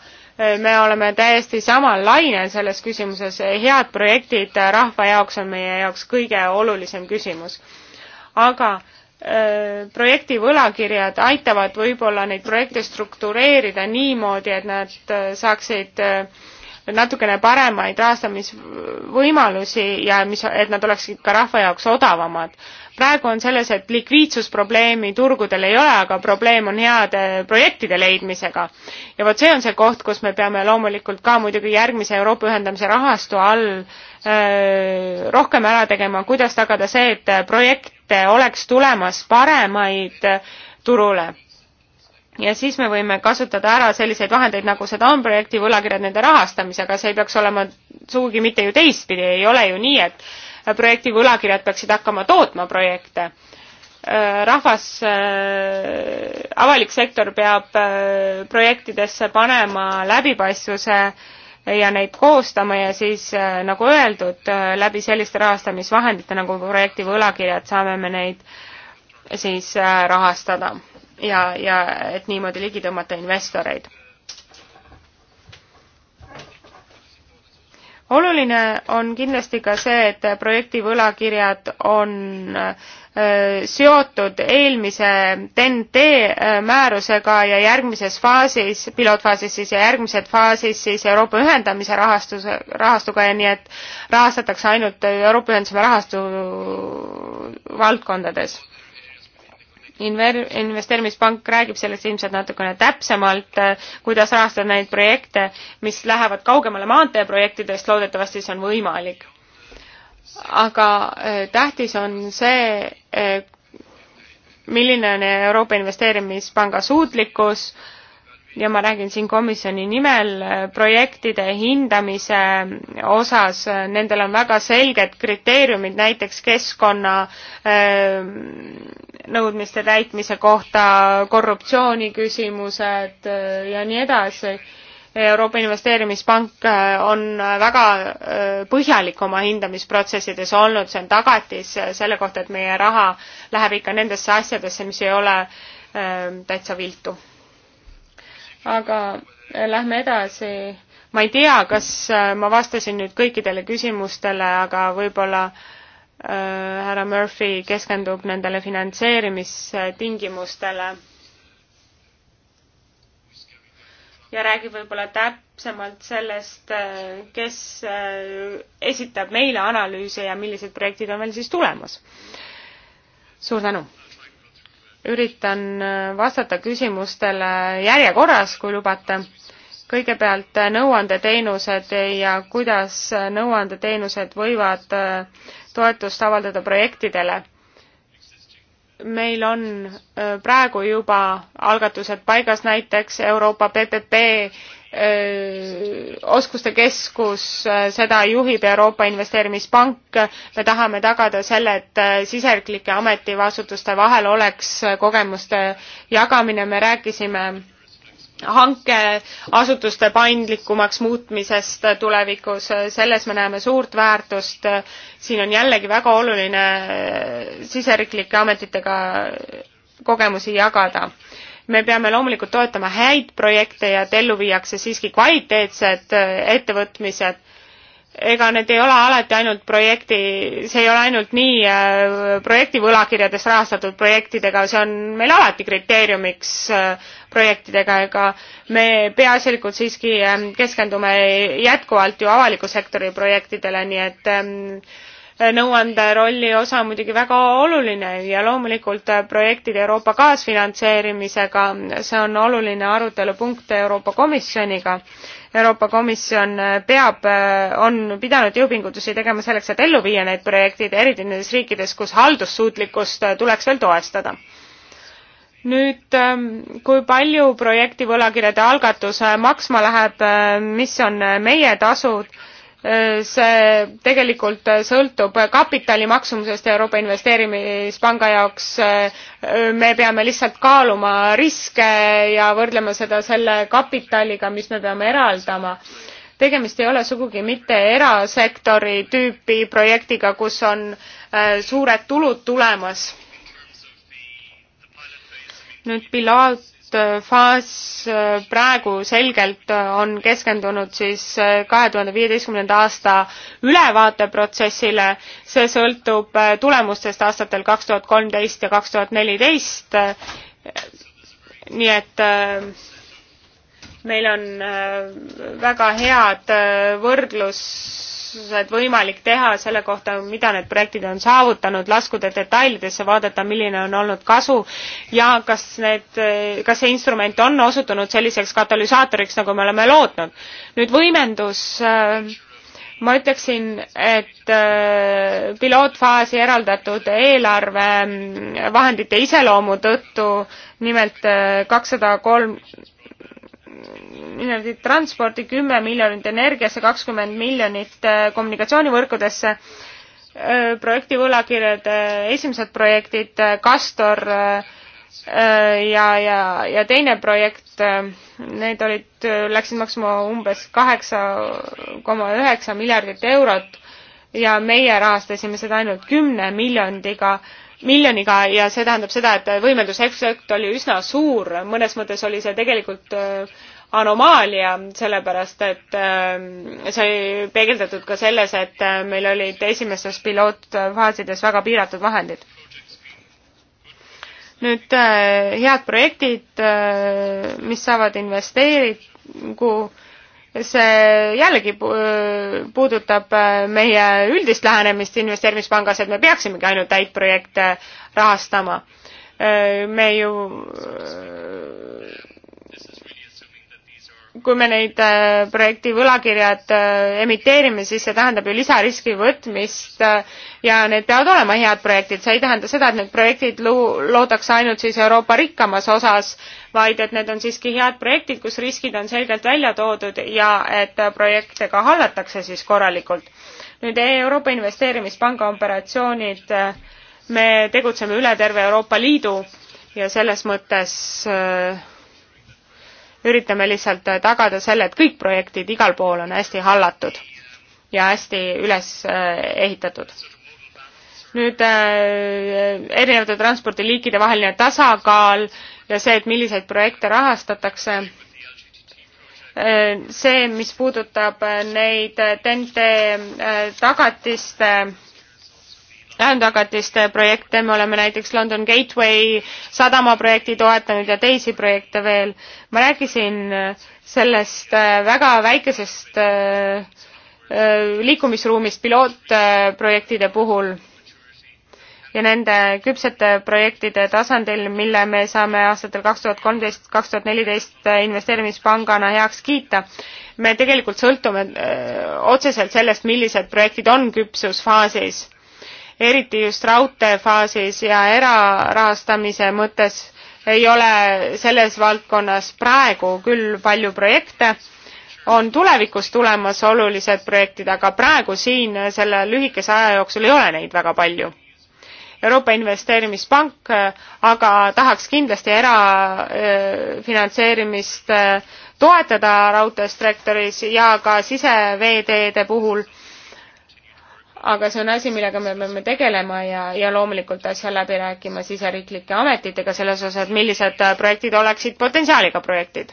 me oleme täiesti samal lainel selles küsimuses, head projektid rahva jaoks on meie jaoks kõige olulisem küsimus. aga äh, projekti võlakirjad aitavad võib-olla neid projekte struktureerida niimoodi, et nad äh, saaksid äh, natukene paremaid rahastamisvõimalusi ja mis, et nad oleksid ka rahva jaoks odavamad praegu on selles, et likviidsusprobleemi turgudel ei ole, aga probleem on heade projektide leidmisega. ja vot see on see koht, kus me peame loomulikult ka muidugi järgmise Euroopa ühendamise rahastu all öö, äh, rohkem ära tegema, kuidas tagada see, et projekte oleks tulemas paremaid äh, turule ja siis me võime kasutada ära selliseid vahendeid, nagu seda on projekti võlakirjad nende rahastamisega, see ei peaks olema sugugi mitte ju teistpidi, ei ole ju nii, et projekti võlakirjad peaksid hakkama tootma projekte. Äh, rahvas, äh, avalik sektor peab äh, projektidesse panema läbipaistvuse ja neid koostama ja siis nagu öeldud, läbi selliste rahastamisvahendite nagu projekti võlakirjad saame me neid siis rahastada ja, ja et niimoodi ligi tõmmata investoreid oluline on kindlasti ka see, et projekti võlakirjad on äh, seotud eelmise TNT äh, määrusega ja järgmises faasis, pilootfaasis siis ja järgmises faasis siis Euroopa ühendamise rahastuse, rahastuga ja nii et rahastatakse ainult Euroopa ühendamise rahastu valdkondades Inver-, investeerimispank räägib sellest ilmselt natukene täpsemalt, äh, kuidas rahastada neid projekte, mis lähevad kaugemale maanteeprojektidest, loodetavasti see on võimalik. aga äh, tähtis on see, äh, milline on Euroopa Investeerimispanga suutlikkus ja ma räägin siin komisjoni nimel, äh, projektide hindamise äh, osas, äh, nendel on väga selged kriteeriumid näiteks keskkonna nõudmiste täitmise kohta, korruptsiooniküsimused ja nii edasi. Euroopa Investeerimispank on väga põhjalik oma hindamisprotsessides olnud, see on tagatis selle kohta, et meie raha läheb ikka nendesse asjadesse, mis ei ole täitsa viltu aga eh, lähme edasi. ma ei tea, kas eh, ma vastasin nüüd kõikidele küsimustele, aga võib-olla äh, härra Murphy keskendub nendele finantseerimistingimustele ja räägib võib-olla täpsemalt sellest, kes esitab meile analüüse ja millised projektid on veel siis tulemas. suur tänu! üritan äh, vastata küsimustele järjekorras, kui lubate. kõigepealt äh, nõuandeteenused ja kuidas äh, nõuandeteenused võivad toetust avaldada projektidele. meil on praegu juba algatused paigas, näiteks Euroopa PPP Äh, oskuste keskus, äh, seda juhib Euroopa Investeerimispank. me tahame tagada selle, et äh, siseriiklike ametivastutuste vahel oleks kogemuste jagamine, me rääkisime hankeasutuste paindlikumaks muutmisest tulevikus, selles me näeme suurt väärtust. siin on jällegi väga oluline siseriiklike ametitega kogemusi jagada me peame loomulikult toetama häid projekte ja et ellu viiakse siiski kvaliteetsed äh, ettevõtmised. ega need ei ole alati ainult projekti, see ei ole ainult nii äh, projekti võlakirjadest rahastatud projektidega, see on meil alati kriteeriumiks äh, projektidega, ega me peaasjalikult siiski ähm, keskendume jätkuvalt ju avaliku sektori projektidele, nii et ähm, Äh, nõuanderolli osa on muidugi väga oluline ja loomulikult äh, projektide Euroopa kaasfinantseerimisega, see on oluline arutelupunkt Euroopa Komisjoniga. Euroopa Komisjon äh, peab, on pidanud jõupingutusi tegema selleks, et ellu viia need projektid, eriti nendes riikides, kus haldussuutlikkust tuleks veel toestada nüüd ähm, kui palju projekti võlakirjade algatus maksma läheb, mis on meie tasud see tegelikult sõltub kapitali maksumusest Euroopa Investeerimispanga jaoks. me peame lihtsalt kaaluma riske ja võrdlema seda selle kapitaliga, mis me peame eraldama tegemist ei ole sugugi mitte erasektori tüüpi projektiga, kus on äh, suured tulud tulemas. nüüd piloot Äh, faas äh, praegu selgelt äh, on keskendunud siis kahe tuhande viieteistkümnenda aasta ülevaateprotsessile, see sõltub tulemustest aastatel kaks tuhat kolmteist ja kaks tuhat neliteist, nii et meil on väga head võrdlus otsused võimalik teha selle kohta, mida need projektid on saavutanud, laskuda detailidesse, vaadata, milline on olnud kasu ja kas need, kas see instrument on osutunud selliseks katalüsaatoriks, nagu me oleme lootnud. nüüd võimendus, ma ütleksin, et äh, pilootfaasi eraldatud eelarvevahendite iseloomu tõttu nimelt äh, kakssada kolm miljardit transporti, kümme miljonit energiasse, kakskümmend miljonit äh, kommunikatsioonivõrkudesse, äh, projekti võlakirjad, esimesed projektid, äh, Castor ja, ja, ja teine projekt, need olid, läksid maksma umbes kaheksa koma üheksa miljardit eurot ja meie rahastasime seda ainult kümne miljondiga miljoniga ja see tähendab seda, et võimendusefekt oli üsna suur, mõnes mõttes oli see tegelikult äh, anomaalia, sellepärast et äh, see oli peegeldatud ka selles, et äh, meil olid esimestes pilootfaasides väga piiratud vahendid. nüüd head projektid, mis saavad investeeringu see jällegi puudutab äh, meie üldist lähenemist investeerimispangas, et me peaksimegi ainult täit projekte rahastama. Äh, me ju kui me neid äh, projekti võlakirjad äh, emiteerime, siis see tähendab ju lisariski võtmist äh, ja need peavad olema head projektid, see ei tähenda seda, et need projektid loodakse ainult siis Euroopa rikkamas osas, vaid et need on siiski head projektid, kus riskid on selgelt välja toodud ja et projekte ka hallatakse siis korralikult. nüüd e-, Euroopa Investeerimispanga operatsioonid, me tegutseme üle terve Euroopa Liidu ja selles mõttes äh, üritame lihtsalt tagada selle, et kõik projektid igal pool on hästi hallatud ja hästi üles äh, ehitatud. nüüd äh, erinevate transpordiliikide vaheline tasakaal ja see, et milliseid projekte rahastatakse äh, see, mis puudutab äh, neid TNT tagatiste laenutagatiste projekte, me oleme näiteks London Gateway sadamaprojekti toetanud ja teisi projekte veel. ma rääkisin äh, sellest äh, väga väikesest äh, liikumisruumist pilootprojektide puhul ja nende küpsete projektide tasandil, mille me saame aastatel kaks tuhat kolmteist, kaks tuhat neliteist investeerimispangana heaks kiita, me tegelikult sõltume öö, otseselt sellest, millised projektid on küpsusfaasis eriti just raudteefaasis ja erarahastamise mõttes ei ole selles valdkonnas praegu küll palju projekte, on tulevikus tulemas olulised projektid, aga praegu siin selle lühikese aja jooksul ei ole neid väga palju. Euroopa Investeerimispank aga tahaks kindlasti erafinantseerimist äh, äh, toetada raudteesektoris ja ka siseveeteede puhul aga see on asi, millega me peame tegelema ja, ja loomulikult asja läbi rääkima siseriiklike ametitega selles osas, et millised äh, projektid oleksid potentsiaaliga projektid.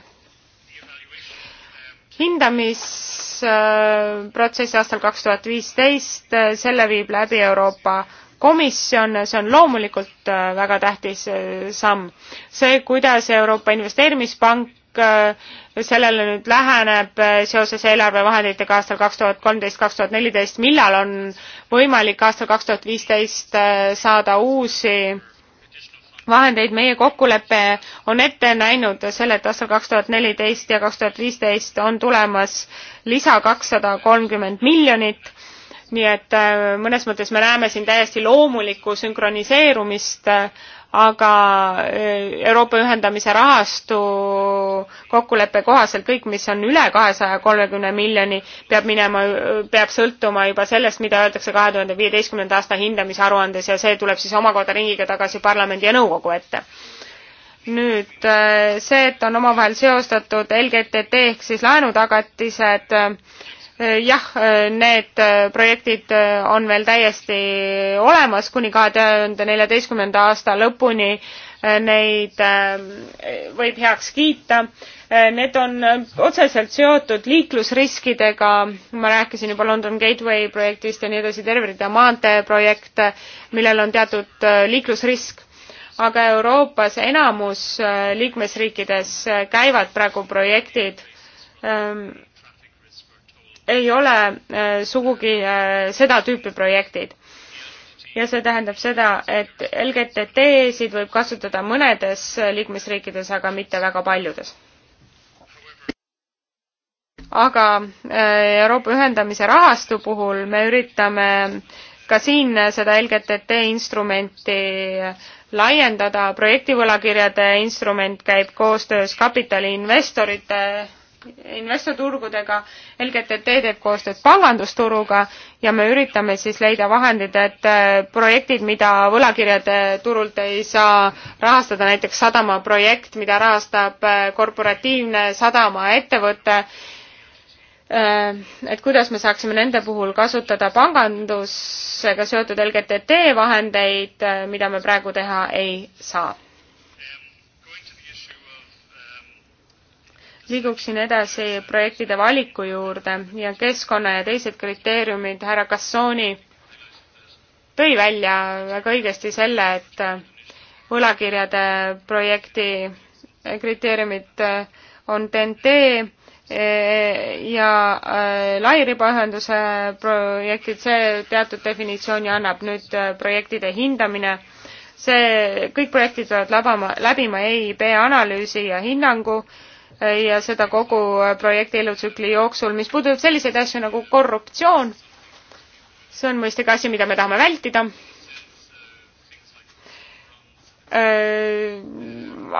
hindamisprotsess äh, aastal kaks tuhat viisteist, äh, selle viib läbi Euroopa komisjon, see on loomulikult väga tähtis samm. see, kuidas Euroopa Investeerimispank Äh, sellele nüüd läheneb äh, seoses eelarvevahenditega aastal kaks tuhat kolmteist, kaks tuhat neliteist, millal on võimalik aastal kaks tuhat viisteist äh, saada uusi vahendeid, meie kokkulepe on ette näinud selle, et aastal kaks tuhat neliteist ja kaks tuhat viisteist on tulemas lisa kakssada kolmkümmend miljonit nii et mõnes mõttes me näeme siin täiesti loomulikku sünkroniseerumist aga äh, Euroopa ühendamise rahastu kokkuleppe kohaselt kõik, mis on üle kahesaja kolmekümne miljoni, peab minema, peab sõltuma juba sellest, mida öeldakse kahe tuhande viieteistkümnenda aasta hindamisaruandes ja see tuleb siis omakorda ringiga tagasi parlamendi ja nõukogu ette nüüd äh, see, et on omavahel seostatud LGTT ehk siis laenutagatised Eh, jah, eh, need eh, projektid on veel täiesti olemas kuni kahe tuhande neljateistkümnenda aasta lõpuni. Neid võib heaks kiita. Need on otseselt seotud liiklusriskidega, ma rääkisin juba London Gateway projektist ja nii edasi, terve rida maanteeprojekte, millel on teatud liiklusrisk aga Euroopas enamus liikmesriikides käivad praegu projektid ähm, ei ole äh, sugugi äh, seda tüüpi projektid. ja see tähendab seda, et LGTT-sid võib kasutada mõnedes liikmesriikides, aga mitte väga paljudes. aga äh, Euroopa ühendamise rahastu puhul me üritame ka siin seda LGTT instrumenti laiendada, projektivõlakirjade instrument käib koostöös kapitaliinvestorite investorturgudega, LGTT teeb koostööd pangandusturuga ja me üritame siis leida vahendid, et äh, projektid, mida võlakirjade äh, turult ei saa rahastada, näiteks sadamaprojekt, mida rahastab äh, korporatiivne sadamaettevõte, et kuidas me saaksime nende puhul kasutada pangandusega seotud LGTT vahendeid, mida me praegu teha ei saa liiguksin edasi projektide valiku juurde ja keskkonna ja teised kriteeriumid, härra Kassooni tõi välja väga õigesti selle, et võlakirjade projekti kriteeriumid on TNT ja äh, lairibaühenduse projektid, see teatud definitsiooni annab nüüd äh, projektide hindamine. see, kõik projektid peavad läbama, läbima EIB analüüsi ja hinnangu ja seda kogu äh, projekti elutsükli jooksul. mis puudutab selliseid asju nagu korruptsioon, see on mõistagi asi, mida me tahame vältida. Äh,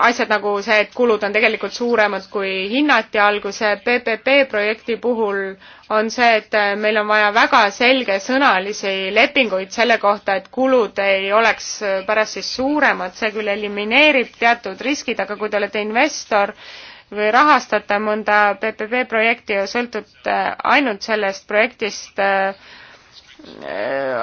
asjad nagu see, et kulud on tegelikult suuremad kui hinnati alguse. PPP projekti puhul on see, et äh, meil on vaja väga selgesõnalisi lepinguid selle kohta, et kulud ei oleks pärast siis suuremad. see küll elimineerib teatud riskid, aga kui te olete investor, või rahastate mõnda PPP projekti ja sõltute ainult sellest projektist äh,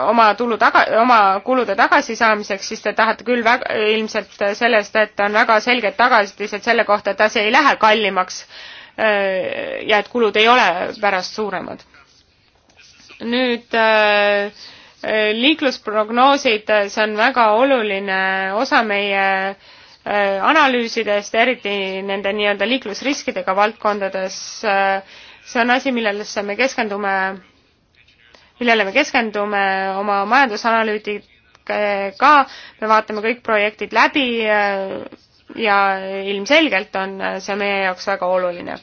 oma tulu taga, oma kulude tagasisaamiseks, siis te tahate küll väga, ilmselt sellest, et on väga selged tagasisidised selle kohta, et asi ei lähe kallimaks äh, ja et kulud ei ole pärast suuremad. nüüd äh, liiklusprognoosid, see on väga oluline osa meie äh, Äh, analüüsidest, eriti nende nii-öelda liiklusriskidega valdkondades. Äh, see on asi, millesse me keskendume, millele me keskendume oma majandusanalüütikaga, me vaatame kõik projektid läbi äh, ja ilmselgelt on see meie jaoks väga oluline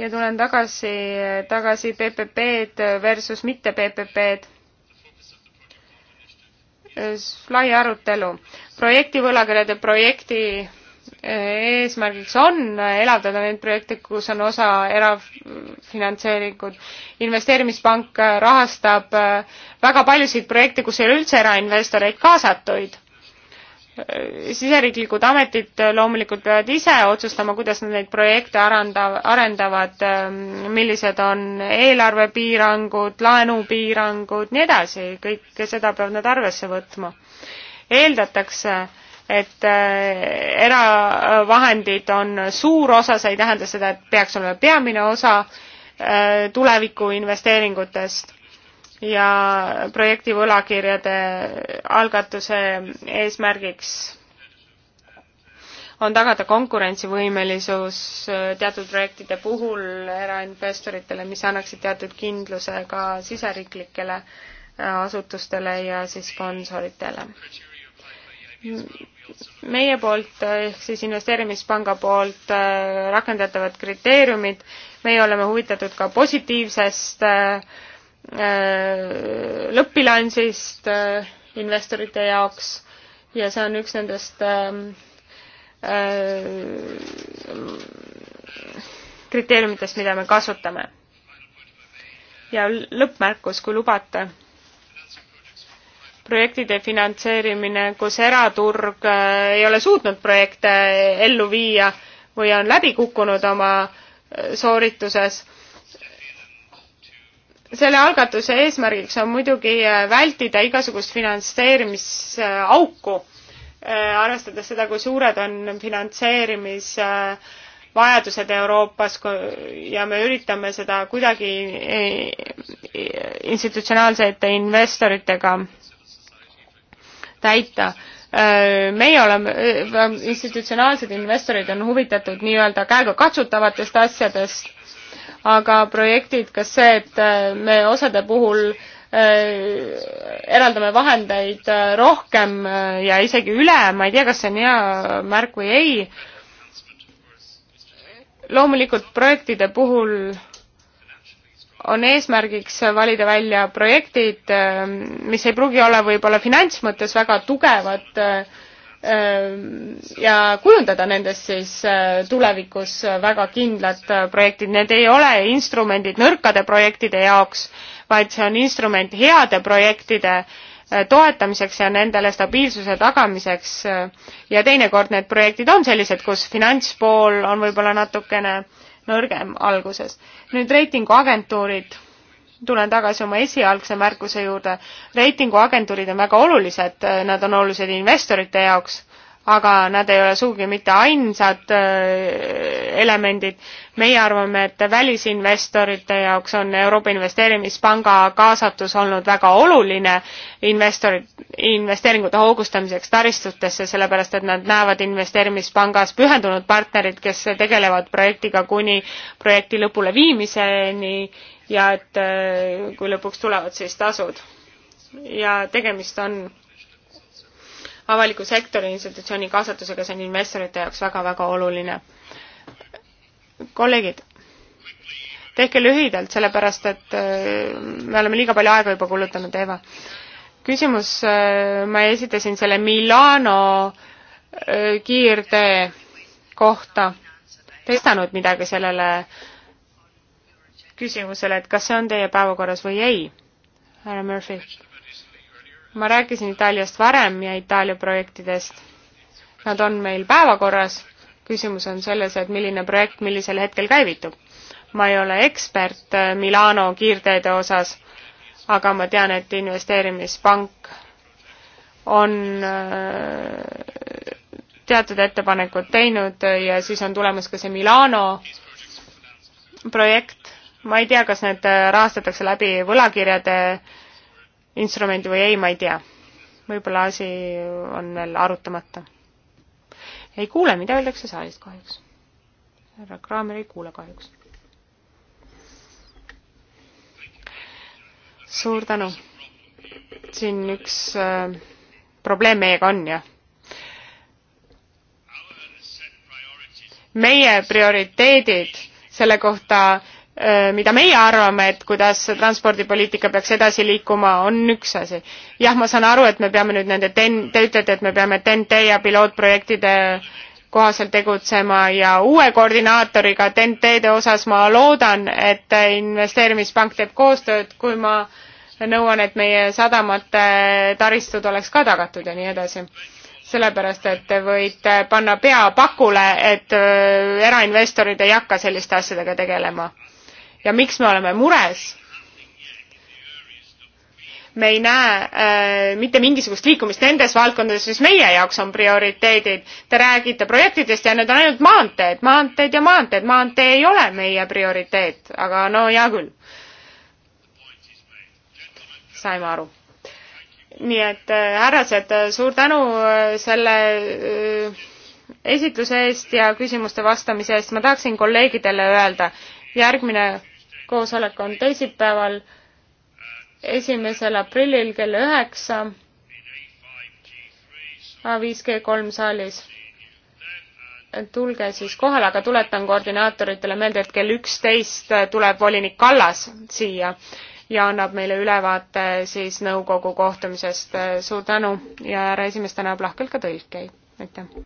ja tulen tagasi, tagasi PPP-d versus mitte PPP-d. Äh, lai arutelu. projekti võlakirjade projekti äh, eesmärgiks on äh, elavdada neid projekte, kus on osa erafinantseeringud. investeerimispank rahastab väga paljusid projekte, kus ei ole üldse erainvestoreid kaasatuid siseriiklikud ametid loomulikult peavad ise otsustama, kuidas nad neid projekte arendav, arendavad, ähm, millised on eelarvepiirangud, laenupiirangud, nii edasi, kõike seda peavad nad arvesse võtma. eeldatakse, et äh, eravahendid on suur osa, see ei tähenda seda, et peaks olema peamine osa äh, tulevikuinvesteeringutest ja projekti võlakirjade algatuse eesmärgiks on tagada konkurentsivõimelisus äh, teatud projektide puhul erainvestoritele, mis annaksid teatud kindluse ka siseriiklikele äh, asutustele ja siis sponsoritele. meie poolt äh, ehk siis investeerimispanga poolt rakendatavad kriteeriumid, meie oleme huvitatud ka positiivsest äh, Äh, lõppbilansist äh, investorite jaoks ja see on üks nendest ähm, äh, kriteeriumitest, mida me kasutame. ja lõppmärkus, kui lubate. projektide finantseerimine, kus eraturg ei ole suutnud projekte ellu viia või on läbi kukkunud oma soorituses selle algatuse eesmärgiks on muidugi äh, vältida igasugust finantseerimisauku, äh, arvestades seda, kui suured on finantseerimisvajadused äh, Euroopas ja me üritame seda kuidagi institutsionaalsete investoritega täita meie oleme, institutsionaalsed investorid on huvitatud nii-öelda käegakatsutavatest asjadest aga projektid, kas see, et äh, me osade puhul äh, eraldame vahendeid äh, rohkem ja isegi üle, ma ei tea, kas see on hea märk või ei. loomulikult projektide puhul on eesmärgiks valida välja projektid, mis ei pruugi olla võib-olla finantsmõttes väga tugevad Ehm, ja kujundada nendest siis eh, tulevikus väga kindlad eh, projektid, need ei ole instrumendid nõrkade projektide jaoks, vaid see on instrument heade projektide eh, toetamiseks ja nendele stabiilsuse tagamiseks ja teinekord need projektid on sellised, kus finantspool on võib-olla natukene nõrgem alguses. nüüd reitinguagentuurid tulen tagasi oma esialgse märkuse juurde. reitinguagentuurid on väga olulised, nad on olulised investorite jaoks, aga nad ei ole sugugi mitte ainsad äh, elemendid. meie arvame, et välisinvestorite jaoks on Euroopa Investeerimispanga kaasatus olnud väga oluline investorid, investeeringute hoogustamiseks taristutesse, sellepärast et nad näevad investeerimispangas pühendunud partnerid, kes tegelevad projektiga kuni projekti lõpuleviimiseni ja et eh, kui lõpuks tulevad siis tasud. ja tegemist on avaliku sektori institutsiooni kaasatusega, see on investorite jaoks väga-väga oluline. kolleegid, tehke lühidalt, sellepärast et eh, me oleme liiga palju aega juba kulutanud, Eva. küsimus, eh, ma esitasin selle Milano kiirtee kohta, testanud midagi sellele äh, küsimusele, et kas see on teie päevakorras või ei, härra Murphy. ma rääkisin Itaaliast varem ja Itaalia projektidest. Nad on meil päevakorras, küsimus on selles, et milline projekt millisel hetkel käivitub. ma ei ole ekspert äh, Milano kiirteede osas, aga ma tean, et investeerimispank on äh, teatud ettepanekud teinud ja siis on tulemas ka see Milano projekt, ma ei tea, kas need äh, rahastatakse läbi võlakirjade instrumendi või ei, ma ei tea. võib-olla asi on veel arutamata. ei kuule, mida öeldakse saalist kahjuks. härra Kraamer ei kuule kahjuks. suur tänu. siin üks äh, probleem meiega on, jah. meie prioriteedid selle kohta Äh, mida meie arvame, et kuidas transpordipoliitika peaks edasi liikuma, on üks asi. jah, ma saan aru, et me peame nüüd nende TEN, te ütlete, et me peame TEN-T ja pilootprojektide kohaselt tegutsema ja uue koordinaatoriga TEN-T-de osas ma loodan, et investeerimispank teeb koostööd, kui ma nõuan, et meie sadamate taristud oleks ka tagatud ja nii edasi sellepärast, et te võite panna pea pakule, et äh, erainvestorid ei hakka selliste asjadega tegelema ja miks me oleme mures? me ei näe äh, mitte mingisugust liikumist nendes valdkondades, mis meie jaoks on prioriteedid. Te räägite projektidest ja need on ainult maanteed, maanteed ja maanteed. maantee ei ole meie prioriteet, aga no hea küll. saime aru. nii et äh, härrased, suur tänu äh, selle äh, esitluse eest ja küsimuste vastamise eest. ma tahaksin kolleegidele öelda järgmine koosolek on teisipäeval, esimesel aprillil kell üheksa A5G3 saalis. tulge siis kohale, aga tuletan koordinaatoritele meelde, et kell üksteist tuleb volinik Kallas siia ja annab meile ülevaate siis nõukogu kohtumisest. suur tänu ja härra esimees tänab lahkelt ka tõlkeid. aitäh!